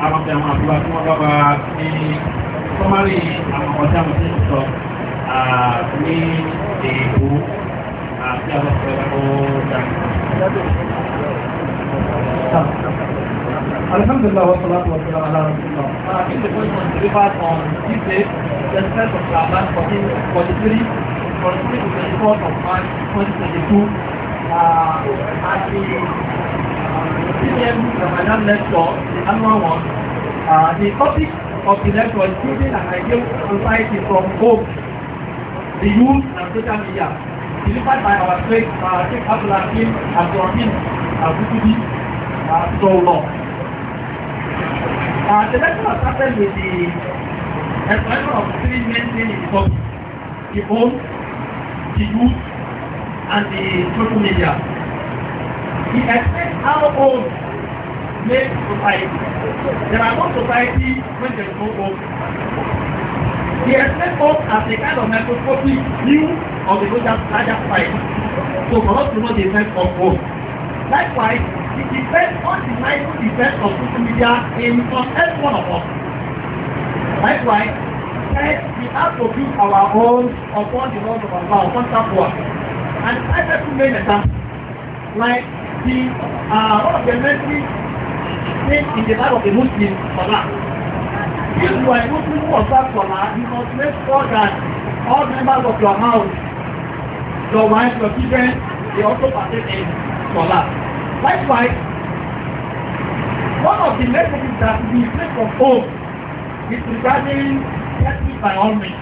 àwọn ọmọ ọmọ àwọn ọjà mọ̀ sí ní èèbó àti àwọn Alhamdulillah wa salatu wa salam ala Rasulullah. Uh, I think the question was delivered on this the 10th of Ramadan 1443, 24th March 2022, uh, at the uh, PM Ramadan lecture, the number one. Uh, the topic of the lecture is building an ideal society from home the youth and social media, delivered by our Sheikh Abdul Hakim our Abdulkudi Abdullah. Uh, the lesson has started with the employment of three main things in the country, the home, the youth, and the social media. He explains how home makes society. There are no society when there is no home. The expect us as a kind of microscopic view of the larger size. So for us to know the effect of both. Likewise, it depends on the micro effect of social media in on every one of us. Likewise, we have to build our own upon the laws of our upon Taqwa. And I have two main examples. Like the, uh, one of the many things in the life of the Muslim, Salah. If you are looking for Sakwala, you must make sure that all members of your house, your wife, your children, they also partake in Salah. Likewise, one of the messages that we take from home is regarding testing by all means.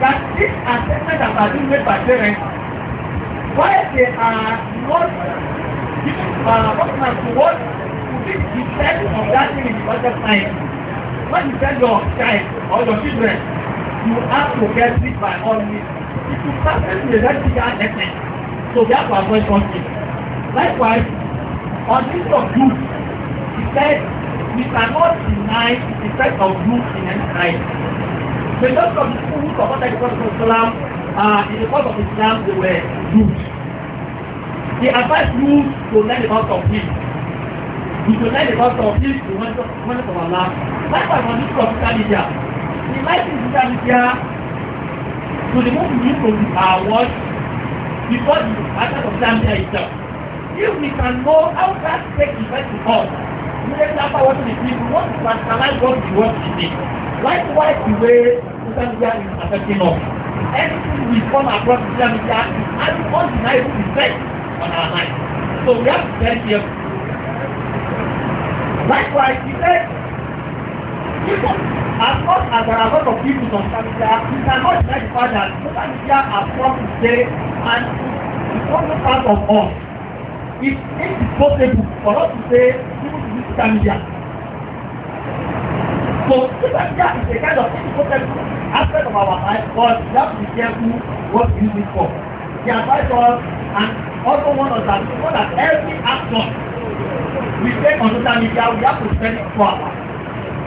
That this assessments that has been made by parents, why they are not giving uh, what to what to be the effect of that thing in the budget time, When you tell your child or your children, you have to get sick by all means. It will start to the vertical essence. So that have to avoid conflict. Likewise, on this of youth, he said, we cannot deny the effect of youth in any time. Majority of the people who supported the Prophet of Islam, uh, in the cause of Islam, they were youth. He advised youth to learn about conflict. You should let the gospel of peace to one of our lives. Likewise, on this social we like this social media to remove the from our world before the attack of social itself. If we can know how that takes effect to us, immediately after watching the people. we want to personalize what we watch today. Likewise, the way social is affecting us. Everything we come across social media is having undeniable effect on our life. So we have to be very careful. Likewise, he as much as there are a lot of people from Canada, we cannot deny that Canada has come today and it's also part of us. It's impossible for us to say people to visit So Canada is a kind of impossible aspect of our life, but we have to be what we use for. He advised and also warned us that we know that every action we spend on social media, we have to spend on four hours.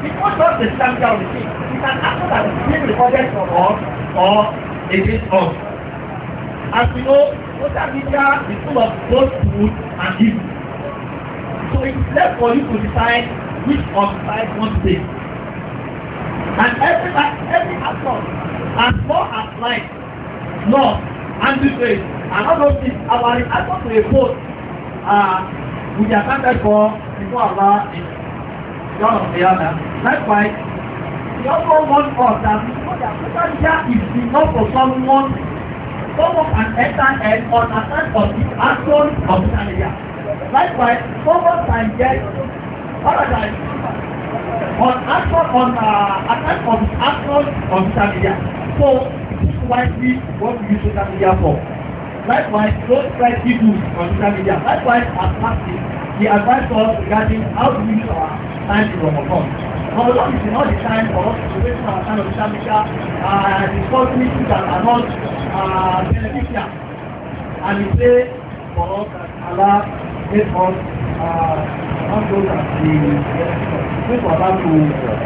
Because not the social media on the thing. can happen that the thing recorded from us or against us. As we know, social media is full of both good and evil. So it's left for you to decide which of the side wants to take. And every, every action, as far as life, love, and this and all those things, our reaction to a vote uh, We are counted for before Allah in John of Diana. Likewise, the other one for that potential is enough for someone some of an external end on account of the action uh, of the area. Likewise, someone can get paradise on action on uh, account of the action of the area. So, this is why we want to use social media for. Likewise, don't try people on social media. Likewise, as pastors, he advised us regarding how to use our time to overcome. But what is not the time for us to waste our time on social media uh, discussing issues that are not uh, beneficial. And he say for us that Allah make us uh, not those that the make for Allah to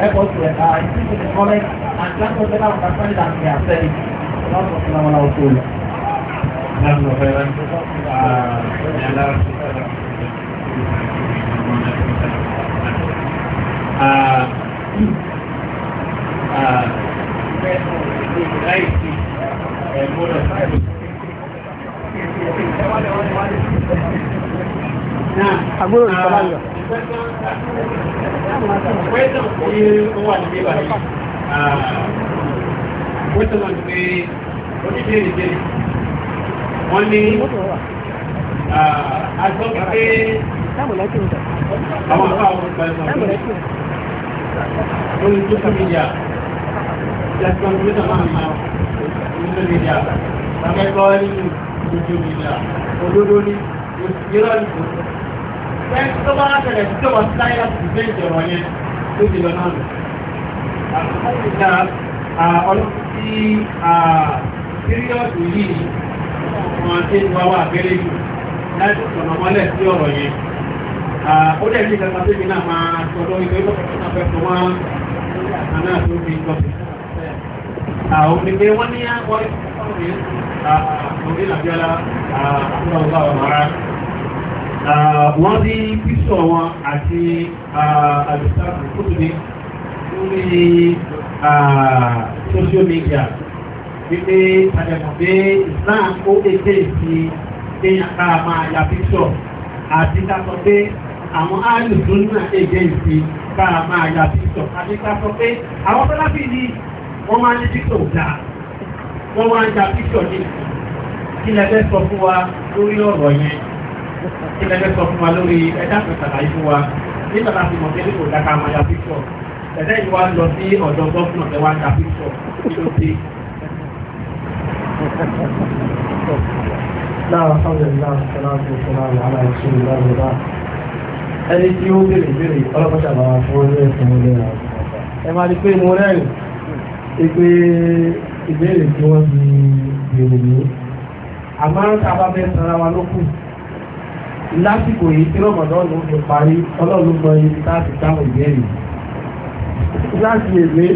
help us to uh, increase the knowledge and grant us better understanding than we are selling. Allah subhanahu wa ta'ala. جزاكم خيرا a ìsọ́lá a a a ó wà ní bíbà yìí, pẹ́sàn tí ó ní bèèrè bèèrè wọ́n ní agbọ́n pé àwọn ọ̀pá àwọn ọ̀pá ìgbàlódé ní social media platform tó náà máa ma social media akẹ́kọ̀ọ́ nínú social media olódó ní ìrọ̀ ìgbò fẹ́ẹ́ tó bá tẹ̀lẹ̀ tó wọ́n síláyé láti fẹ́ ìjọba yẹn tó ti lọ náà lọ. ọlọ́pàá sí síríọ̀sì wọn tí wọ́n wà abẹ́rẹ́ jù láti sọ̀nà mọ́lẹ̀ sí ọ̀rọ̀ yẹn ó dẹ̀ ní kankan tó fi náà máa sọ̀rọ̀ ìwé lọ́pọ̀ náà fẹ́ fún wọn àtàn náà tó fi gbọ́ àwọn ni pé wọ́n ní wọ́n ní orí làbíọ́lá àkúrà ọ̀gá ọ̀mọ́ra wọ́n ní píṣọ̀ wọn àti àlùsá kúrò ní lórí social media wípé àjẹmọ̀ pé Islam ó èdè sí èèyàn ká máa ya píṣọ̀ àti ká sọ pé àwọn alùsùn náà èdè sí ká máa ya píṣọ̀ àti ká sọ pé àwọn fẹ́láfì ni wọ́n máa ń ní píṣọ̀ dáa wọ́n máa ń ya píṣọ̀ ní kí lẹ́fẹ́ sọ fún wa lórí ọ̀rọ̀ yẹn kí lẹ́fẹ́ sọ fún wa lórí ẹ̀dá pẹ̀sàlá yìí fún wa nígbà tá a fi mọ̀ pé kò dáka máa ya píṣọ̀ ẹ̀dá ìwà lọ sí ọ̀dọ̀ gọ́fúnà tẹ́wàá ya píṣọ̀ kí ló *laughs* náà alhamdulillah salatu salam ala rasulillah wa ẹni tí ó bèrè bèrè ọlọ́pàá bá fún ọjọ́ ẹ̀sìn ilé rẹ̀ ẹ máa di pé mo rẹ́rìn ìpè ìbéèrè tí wọ́n ti bèrè ní àmọ́ sábà bẹ́ẹ̀ wa ló kù lásìkò yìí tí rọ̀mọ̀dọ́ ló fi parí ọlọ́run gbọ́ ibi tá a ti ìbéèrè láti èlé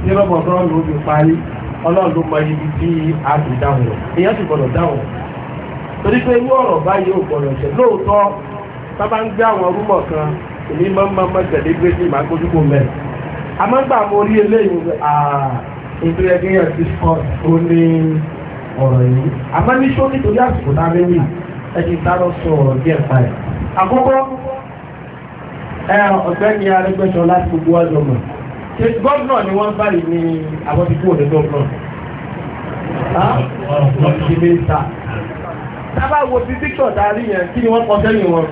tí rọ̀mọ̀dọ́ ló fi parí ọlọ́run ló mọ ibi tí a ti dáhùn rẹ̀ èèyàn sì gbọ́dọ̀ dáhùn torí pé irú ọ̀rọ̀ báyìí ò gbọ́dọ̀ ṣe lóòótọ́ sábà ń gbé àwọn rúmọ̀ kan èmi máa ń máa máa tẹ̀lé gbé sí ìmọ̀ agbójúkò mẹ́ àmọ́ gbà mo rí eléyìí ètò ẹgbẹ́ yẹn ti sọ ó ní ọ̀rọ̀ yìí àmọ́ ní sọ nítorí àsìkò tá a fẹ́ wí ẹni dáná sọ ọ̀rọ̀ díẹ̀ pa ẹ̀ àkọ́kọ́ ọ̀gbẹ́ni Arẹ́gbẹ́ṣọlá ti gbogbo ọjọ́ mọ̀ gọ́ọ̀nà ni wọ́n báyìí ní àwọn ikú òní gọ́ọ̀nà wọ́n ti lè ta tábà wo ti píkṣọ̀ darí yẹn kí ni wọ́n kọ sẹ́yìn wọn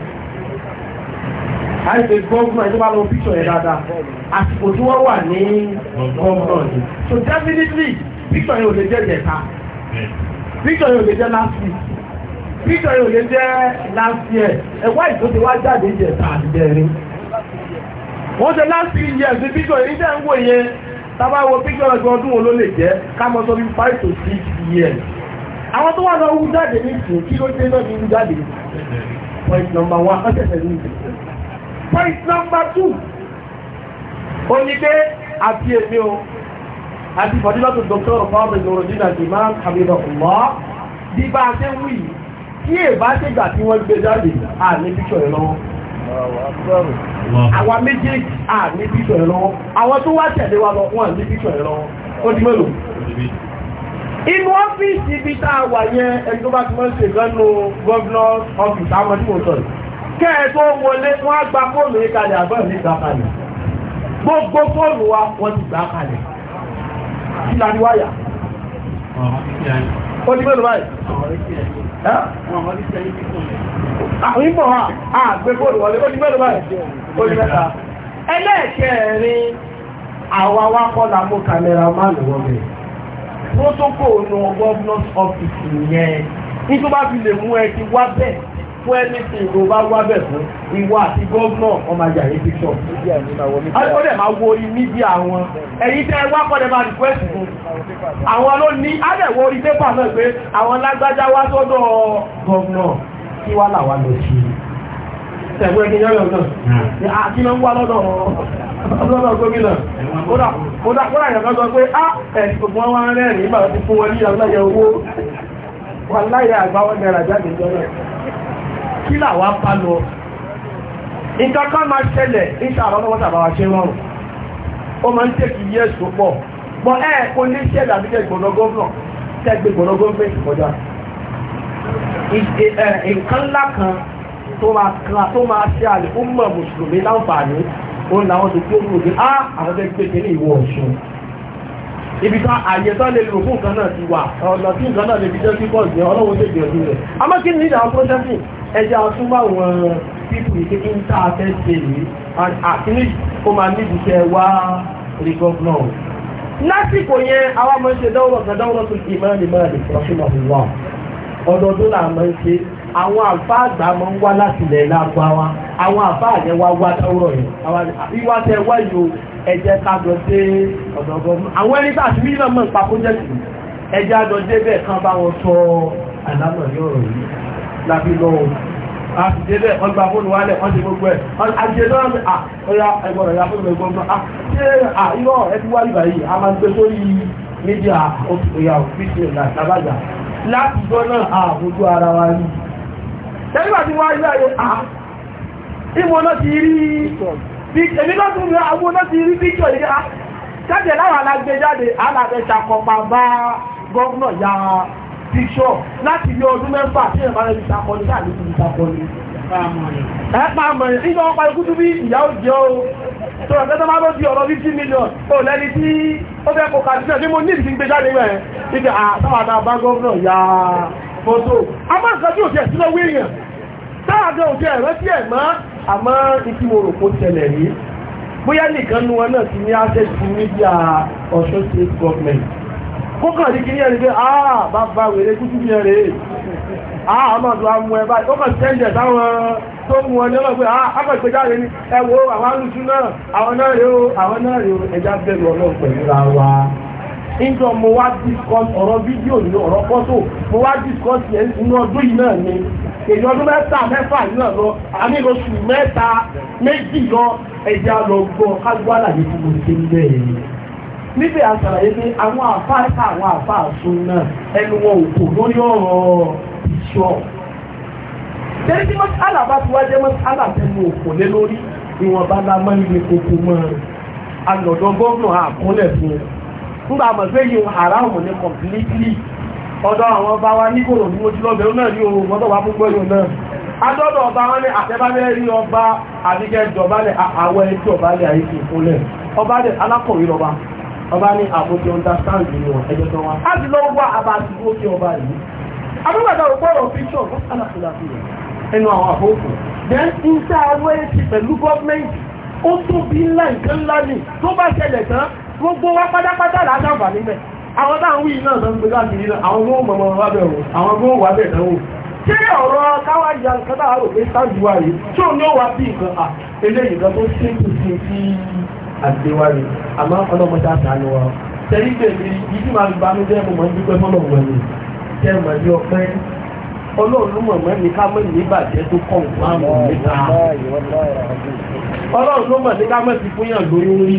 àìsè gọ́ọ̀nà tó bá lọ píkṣọ̀ yẹn dáadáa àsìkò tí wọ́n wà ní gọ́ọ̀nà ni so definitely píkṣọ̀ yẹn ò lè jẹ́ ìjẹta píkṣọ̀ yẹn ò lè jẹ́ last week píkṣọ̀ yẹn ò lè jẹ́ last year ẹ̀wá ìtòsíwájáde ìjẹta àti jẹrin wọ́n ṣe last three years ní píṣọ̀ èyí tẹ́ ń wò yẹn tábà wo píṣọ̀ ẹgbẹ́ ọdún wo ló lè jẹ́ ká mọ́ sọ bí five to six years àwọn tó wà lọ wú jáde ní ìsìn kí ló dé náà ní jáde point number one ọ̀sẹ̀sẹ̀ ní ìsìn point number two ó ní pé àti èmi o àti fọdílọ́tò dr ọ̀fáàmì lọ́rọ̀dí náà ti máa ń kàmínà ọ̀mọ́ bí bá a ṣe ń wù yìí kí èbá ṣègbà tí wọ́n gbé jáde à àwa méjèèjì à ní píṣọ̀ ẹ̀ lọ́wọ́ àwọn tó wá tẹ̀lé wa lọ wọ́n ní píṣọ̀ ẹ̀ ó di mélòó inú ọ́fíìsì ibi tá wà yẹn ẹni tó bá ti mọ́ ṣe gánú governor's office àwọn tí mo sọ yìí kẹ́ wọlé wọ́n á gba fóònù yìí kalẹ̀ fóònù wọlé ó di mélòó báyìí olùmẹ́ta ẹlẹ́ẹ̀kẹ́rin àwa wa kọ́ la mú kámẹ́rà máa lò wọ́n bẹ̀ protocol nu governor's office yẹn ní tó bá fi lè mú ẹ ti wá bẹ̀ fún ẹni tí ìlú bá wá bẹ̀ fún ìwọ àti gọ́ọ̀nà ọmọ ajá yìí píṣọ̀ alẹ́kọ̀ọ́dẹ̀ máa wo mídíà àwọn èyí tẹ́ wá kọ́dẹ̀ máa rìkwẹ́sì fún àwọn ló ní alẹ́wọ̀ orí pépà náà pé àwọn lágbájá wá sọ́dọ̀ gọ́ọ̀nà kí wá làwà lọ sí i tẹ̀gbọ́n ẹni yọ́yọ̀ náà hmm. kí ló ń wá lọ́dọ̀ ọlọ́dọ̀ gómìnà kódà yẹ̀kọ́ sọ pé á ah, ẹ̀sùn wọn wá rẹ́rìn ìgbà ti fún wọn ní ọlọ́yẹ owó wọn láyé àgbáwọn náírà jáde jọ́nà kí làwa pa lọ nǹkan kan máa ṣẹlẹ̀ níṣàrọ̀ ọlọ́wọ́ tàbáwà ṣe rọrùn ó máa ń tẹ̀kì yẹ́ èso pọ̀ bọ́ ẹ̀ kò ní ṣẹlẹ̀ àbíkẹ́ ìgbọ̀nà gómìnà tẹ́gbẹ̀gbọ̀nà gómìnà kọjá nǹkan ńlá kan tó máa kan tó máa ṣe àlùmọ̀ mùsùlùmí láǹfààní ó ń làwọn tó tó ń lòdì á àwọn fẹ́ gbé kínní ìwọ ọ̀ṣun ibi tán àyè tán lè lò fún nǹkan náà ti wà ọ̀nà tí nǹkan náà lè fi jẹ́ pípọ̀ ìgbẹ́ ọlọ́wọ́ tó gbìyànjú rẹ̀ àmọ́ kí ni ìdáwọn processing ẹja tún bá wọn pípù ìṣe a fẹ́ ṣe yìí àkíní ó máa níbi iṣẹ́ wá rí gọ́ọ̀nà lásìkò yẹn àwọn ọmọ ìṣe dáwọ́rọ̀ kan dáwọ́rọ̀ tó ti máa ní máa lè fọ́ sí màá wà ọdọọdún àwọn àlùfáà àgbà máa ń wá láti ilẹ̀ lágbá wa àwọn àlùfáà yẹn wá wá dáwọ́rọ̀ yẹn wíwá tẹ wá yìí o ẹ jẹ́ ká lọ dé ọ̀dọ̀ gọ́ọ̀mù àwọn ẹni tá àti mí náà mọ̀ nípa pọ́jẹ́tì ẹ jẹ́ àjọ débẹ̀ kan bá wọn sọ àlámọ̀ ní ọ̀rọ̀ yìí lábí lọ́wọ́ àti débẹ̀ wọ́n gba fóònù a máa ń láti gbọ́ náà àbójú ara wa ni. tẹ́lúwà ah, ah, láwọn alágbéjáde alàbẹ́ ṣàkọpa bá ya píkọ̀ láti yọ ọdún mẹ́fà tí ẹ̀mà rẹ̀ ṣàkọlù sáà ní ìṣàkọlù ẹ̀pà mọ̀ ìjọ ọpa ikú tún bí ya, jẹ́ o tó rẹ̀ tẹ́tọ́ ló di ọ̀rọ̀ 15 million ó lẹ́ni tí ó fẹ́ mo rẹ̀ gọ́ọ̀nà fọ́tò a máa táàdọ̀ òjò ẹ̀rọ sí ẹ̀ mọ́ àmọ́ ikú mo rò kó tẹlẹ̀ rí bóyá nìkan nu wọn náà ti ní access to media Ọ̀ṣun state government kókàn ní kíní ẹni pé Ah, bàbá wèrè kúkú ní ẹrẹ àà àmàdù amú ẹ báyìí ó kàn tẹ́ǹdẹ̀ táwọn tó mú ọ ní ọlọ́ pé àà ah, akọ̀gbẹ́járe ní ẹwọ́ àwọn alùsù náà àwọn náà rí o àwọn náà rí o ẹjá bẹ̀rù ọlọ́pẹ̀lú ra níjọ mo wá discuss ọ̀rọ̀ fídíò ní ọ̀rọ̀ fọ́tò mo wá discuss yẹn nínú ọdún yìí náà ni èyí ọdún mẹ́ta mẹ́fà yìí náà lọ àmì oṣù mẹ́ta méjì lọ ẹ̀jẹ̀ lọ gbọ́ kájú àlàyé tí mo ṣe bẹ́ẹ̀ níbi àṣàlàyé pé àwọn àfa àwọn àfa àsun náà ẹnu wọn ò kò lórí ọ̀rọ̀ ìṣọ́ tẹ́lẹ̀ tí mọ́sálà bá ti wájẹ́ mọ́sálà tẹnu òkò lé lórí ìwọ̀nba la mọ́ níbi kókó mọ́ àlọ́dọ̀ gọ́ọ̀nà àkúnlẹ̀ fún un nígbà mọ̀ pé yóò haramu ní completely ọ̀dọ̀ àwọn bá wa ní kòrò ní ojú lọ́bẹ̀ẹ́ náà ní ohun mọ́tọ̀ wá púpọ̀ yóò náà adọ́dọ̀ ọba wọn ní àtẹ́bálẹ̀ rí ọba àdíkẹ́ jọbalẹ̀ àwọ̀ ẹjọ́ ọbalẹ̀ àyíkì ìfúnlẹ̀ ọba dẹ̀ alákọ̀wé lọ́ba ọba ní àbójú understand ní wọn ẹjọ́ tó wá á ti lọ wá abàtì ó kí ọba yìí abúgbàdà ò gbọ́dọ̀ píṣọ̀ fún alákùnrin ẹnu àwọn àbókù then inside away ti pẹ̀lú gọ́ọ̀mẹ̀ntì ó tóbi ńlá ìkẹ́ńlá ni tó bá ṣẹlẹ̀ tán gbogbo wa pátápátá látàbà níbẹ̀ àwọn táwọn wí náà sọ pé láti rí náà àwọn gbóhùn mọ̀mọ́ wá bẹ̀rù àwọn gbóhùn wá bẹ̀ náà ṣé ọ̀rọ̀ káwá ya nǹkan táwọn rò pé sáàjú wa rèé tí òun yóò wá sí nǹkan à eléyìí kan tó ṣètò sí sí àgbéwá rèé àmọ́ ọlọ́mọdé àtàánú wa tẹ̀lé ìgbèmí yìí tí màá gbanú jẹ́ mọ̀mọ́ dúpẹ́ fọlọ́wọ́ ni tẹ́ mọ̀ ní ọpẹ́ ọlọ́run mọ̀ mọ́ ní ká mọ̀ ní ìbàjẹ́ tó kọ̀ wọ́n mọ̀ níta ọlọ́run mọ̀ ní ká mọ̀ ti fún yàn lórí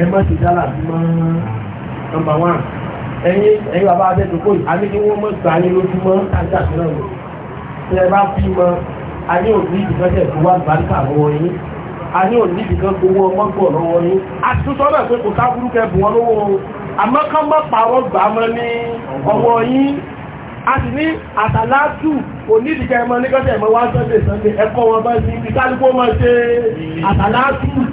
ẹ má ti dálà sí mọ́ nọmba wán ẹ̀yin ẹ̀yin bàbá abẹ́tòkó yìí àbí kí wọ́n mọ̀ gbà yín lójúmọ́ àti àtúnrà lò tí ẹ bá fi mọ ayé òbí ìdìkọ́tẹ̀ tó wá gbàǹkà lọ́wọ́ yín ayé òbí ìdìkan gbowó ọmọ gbọ̀ lọ́wọ́ yín àtúntò náà pé kò sáfúrú kẹ bù wọn lọ́wọ́ o àmọ́ ká mọ́ pàwọ́ gbà mọ́ ní ọwọ́ yín a sì ní àtàlátù onídìkẹ́ ẹmọ nígbàtẹ̀ ẹmọ wá sọ́dẹ̀ sọ́dẹ̀ ẹ̀kọ́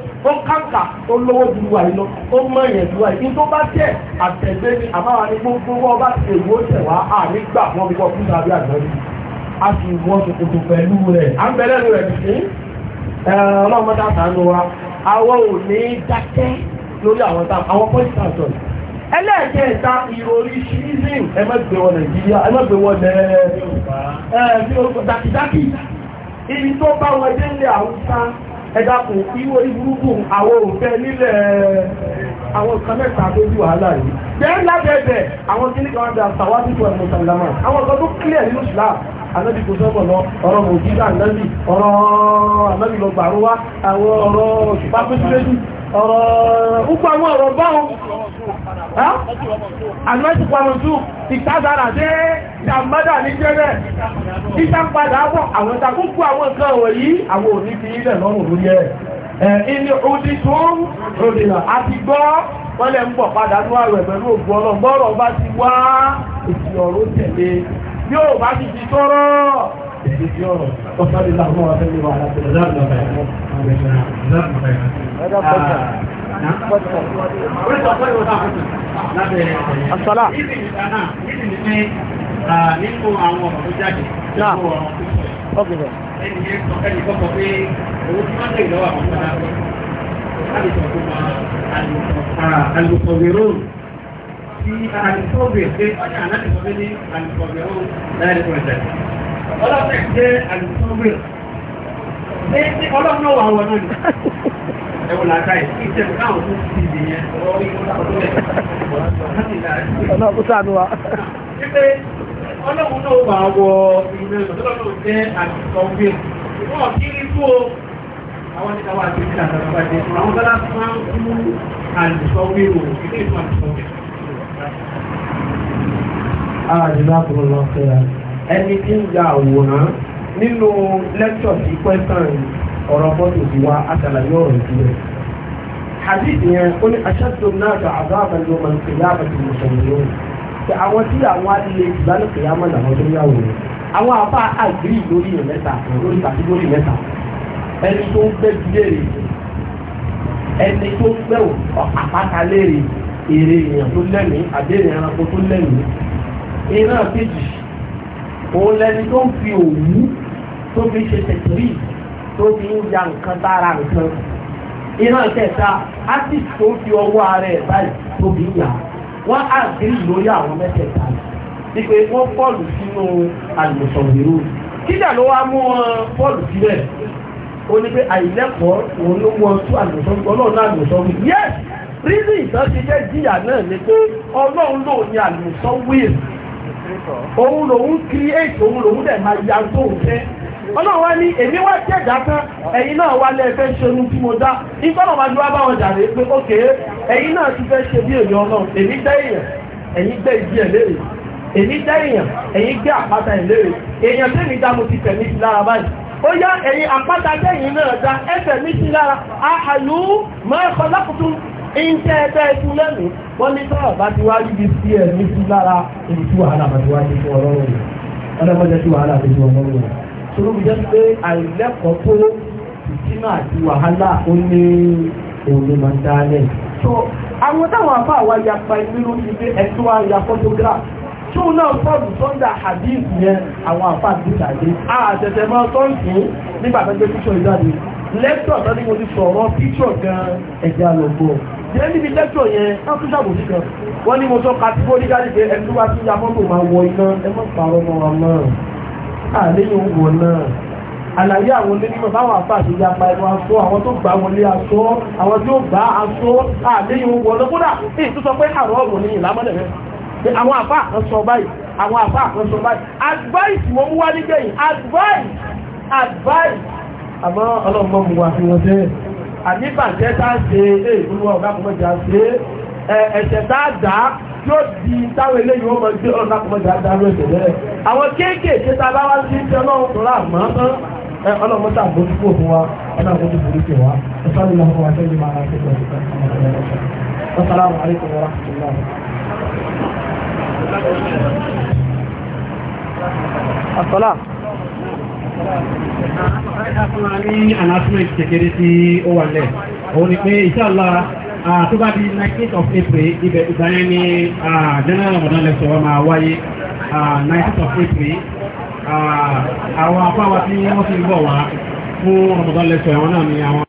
ó kàkà ó lówó ju wa yìí lọ ó mọ ìyẹn ju wa yìí tó bá jẹ àtẹgbẹ ni àbáwa ni gbogbo wọn bá ti èwo tẹ wá à nígbà wọn bí wọn kú sábẹ àgbọn yìí a sì wọ ṣòkòtò pẹ̀lú rẹ̀ à ń bẹ̀rẹ̀ rẹ̀ sí ọlọ́run mọ́ta sànú wa àwọn ò ní dákẹ́ lórí àwọn tá àwọn pọ́ìsì àtọ̀ yìí ẹlẹ́ẹ̀kẹ́ ìta ìròrí ṣíṣìn ẹmẹ́gbẹ̀wọ̀ nàìjíríà ẹmẹ́gbẹ̀wọ̀ lẹ́ẹ̀ẹ́ dákìdákì ibi tó bá wọlé ilẹ̀ àwùsá ẹ̀dàkùn ìwò ìburúkú àwọn òfẹ́ nílẹ̀ àwọn kan tó bí wàhálà yìí bẹ́ẹ̀ lábẹ́ẹ̀bẹ̀ àwọn kí ní kan wọ́n àwọn kan tó clear nínú ìlà anábì kò sọ́kọ̀ lọ ọ̀rọ̀ mòjídà anábì ọ̀rọ̀ anábì lọ gbàrú àwọn ọ̀rọ̀ òṣùpá pẹ́sílẹ́sì ọ̀rọ̀ púpọ̀ àwọn ọ̀rọ̀ báhùn àmọ́sí pàmọ̀sú ìtàzára dé ìdàmọ́dà ní jẹ́rẹ̀ ìtàpadà wọ́n àwọn ìtàkùnkù àwọn nǹkan ọ̀wọ̀ yìí àwọn òní fi ilẹ̀ lọ́rùn lórí ẹ̀ ilé odi tó rọ̀dìnà àti gbọ́ wọ́n lẹ́ ń bọ̀ padà ní àwẹ̀ pẹ̀lú ògùn ọlọ́gbọ́rọ̀ bá ti wá ìsìn ọ̀rọ̀ tẹ̀lé yóò bá ti fi tọ́rọ̀ وصل اللهم وسلم على سيدنا محمد الصلاة nínú àwọn ọ̀rọ̀ tó jáde lọ́wọ́ ọ̀rọ̀ tó sọ ẹni yẹn sọ ẹni kọ́kọ́ pé owó tí wọ́n lè lọ́wọ́ àwọn ọ̀rọ̀ tó láti sọ fún wa alùpọ̀gbẹ̀rún tí alùpọ̀gbẹ̀ pé ọjà náà ti sọ pé ní alùpọ̀gbẹ̀rún láì ọlọ́pẹ́ jẹ́ àlùfúnwé ní ọlọ́pẹ́ wà wọ́n náà ẹwọ làákàyè ìṣẹ́ káwọn fún ti ìdí yẹn ọ̀rọ̀ ìwọ̀n Àwọn ìdáwà àti ìdílà àtàrà bá jẹ́ àwọn tọ́lá fún àìsọ́wé òun ilé ìfún àìsọ́wé. Ààrẹ̀ lápùrọ̀ lọ́pẹ́ àti ẹni tí ń ya àwòrán nínú lẹ́tọ̀ sí pẹ́sàn ọ̀rọ̀ fọ́tò sí wa àtàlàyé ọ̀rọ̀ ìdílé hadith yẹn ó ní aṣáájú náà gba àbáàbà ló máa ń pè ní àbàtì mùsùlùmí pé àwọn tí àwọn alẹ́ ìgbàlù kìyàmọ́ làwọn tó yà wòrán àwọn àbá àgbèrè lórí yẹn mẹ́ta lórí kàtígórì mẹ́ta ẹni tó ń gbẹ́ bíléèrè ẹni tó ń gbẹ́ àpáta léèrè èrè èèyàn tó lẹ́mìí àdéhùn ẹranko tó lẹ́mìí ìran kejì òun lẹni tó ń fi òwú tó fi ṣe tẹ̀sírì tó fi ń ya nǹkan tára nǹkan iná kẹta artist tó fi ọwọ́ ara ẹ̀ báyìí tó fi ń yà wọ́n á gírí lórí àwọn mẹ́tẹ̀ẹ̀ta ni pé wọ́n bọ́ọ̀lù sínú àlùmọ̀sọ̀rọ̀ kíjà ló wá mú wọn bọ́ọ̀lù síbẹ̀ ó ní pé àìlẹ́kọ̀ọ́ òun ló mú ọ tú àlùmọ̀sọ̀rọ̀ ọlọ́run náà àlùmọ̀sọ̀rọ̀ yẹ́sì ìtàn ti jìyà náà ni pé ọlọ́run lòun ni àlùmọ̀sọ̀rọ̀ òun lòun create òun lòun dẹ̀ máa ya tó fẹ́ ọlọ́run wá ní èmi wá tẹ̀dá tán ẹ̀yin náà wá lẹ́ fẹ́ ṣe ohun tí mo dá ìfọ́nà máa dúró bá wọn jàre pé ókè ẹ̀yin náà ti fẹ́ ṣe bí èmi ọlọ́run èmi dẹ́ èèyàn ẹ̀yin gbẹ́ ìdí ẹ̀ léèrè èmi dẹ́ èèyàn ẹ̀yin gbé àpáta ẹ̀ léèrè èèyàn tẹ́mi dá mo ti tẹ̀mí sí lára báyìí ó yá ẹ̀yin àpáta tẹ́yìn náà dá ẹ̀fẹ̀ mi sí lára àhàlú mọ́ ẹ̀kọ́ lákòótún iṣẹ́ ẹgbẹ́ ikú lẹ́nu wọ́n ní sọ́rọ̀ bá ti wá níbi sí ẹ̀ ní sí lára ibi tí wàhálà bá ti wá ní fún ọlọ́run rẹ̀ ọlọ́mọdé tí wàhálà bá ti wọ́n mọ́rùn rẹ̀ tó ló fi jẹ́ pé àìlẹ́kọ̀ọ́ tó ìtìmọ̀ àti wàhálà ó ní òun ló máa ń dálẹ̀. so àwọn táwọn afọ àwa ya pa ẹni lórí ilé ẹtọ́ wa ya photograph tó náà sọ́ọ̀dù sọ́ndà hadith yẹn àwọn afọ àdúgbò àdé àtẹ̀tẹ̀ máa sọ́ọ̀tún nígbà tó ń gbé píṣọ̀ ìjáde lẹ́tọ̀ tó ní mo ti sọ̀rọ̀ píṣọ̀ gan-an ẹ̀jẹ̀ àlọ́gbọ̀ọ́ jẹ́ níbi lẹ́tọ̀ yẹn káfíṣàbò sí kan wọ́n ní mo sọ kàtíkórí gárí pé ẹni tó bá tún wọ iná ẹ mọ́ pààrọ̀ mọ́ wa náà àléyìn náà àlàyé àwọn onímọ̀ báwọn àfàṣe yapa ẹnu aṣọ àwọn tó gbà wọlé aṣọ àwọn tí gbà aṣọ àléyìn òwò ọ̀nà kódà èyí tó sọ pé àrọ̀ ọ̀rọ̀ ní ìlàmọ́lẹ̀ rẹ̀ àníbàjẹ́ tá a ṣe é eh, ìpolówó ọ̀gá kọmọjà ṣe é eh, ẹ̀ṣẹ̀ tá a dá yóò di táwọn eléyìí wọ́n máa gbé ọ̀gá kọmọjà dá ló ẹ̀ṣẹ̀ lẹ́rẹ̀ àwọn kéékèèké tá a bá wá sí ti ọlọ́run tó rà mọ́ ẹ eh, ọlọ́run tá a bójú kò fún wa ọlọ́run tó ti bójú kò wá ẹ sáré lọ́wọ́ wa sẹ́yìn máa ra ṣe lọ́wọ́ Assalamu ní announcement kékeré tí ó wà lẹ̀ òun ni pé inshallah tó bá di 19th of April ibẹ̀ ìgbàyẹn ni general Ramadan lecture máa wáyé 19th of April àwọn apáwa tí wọ́n ti ń bọ̀ wá fún Ramadan lecture wọn náà ni àwọn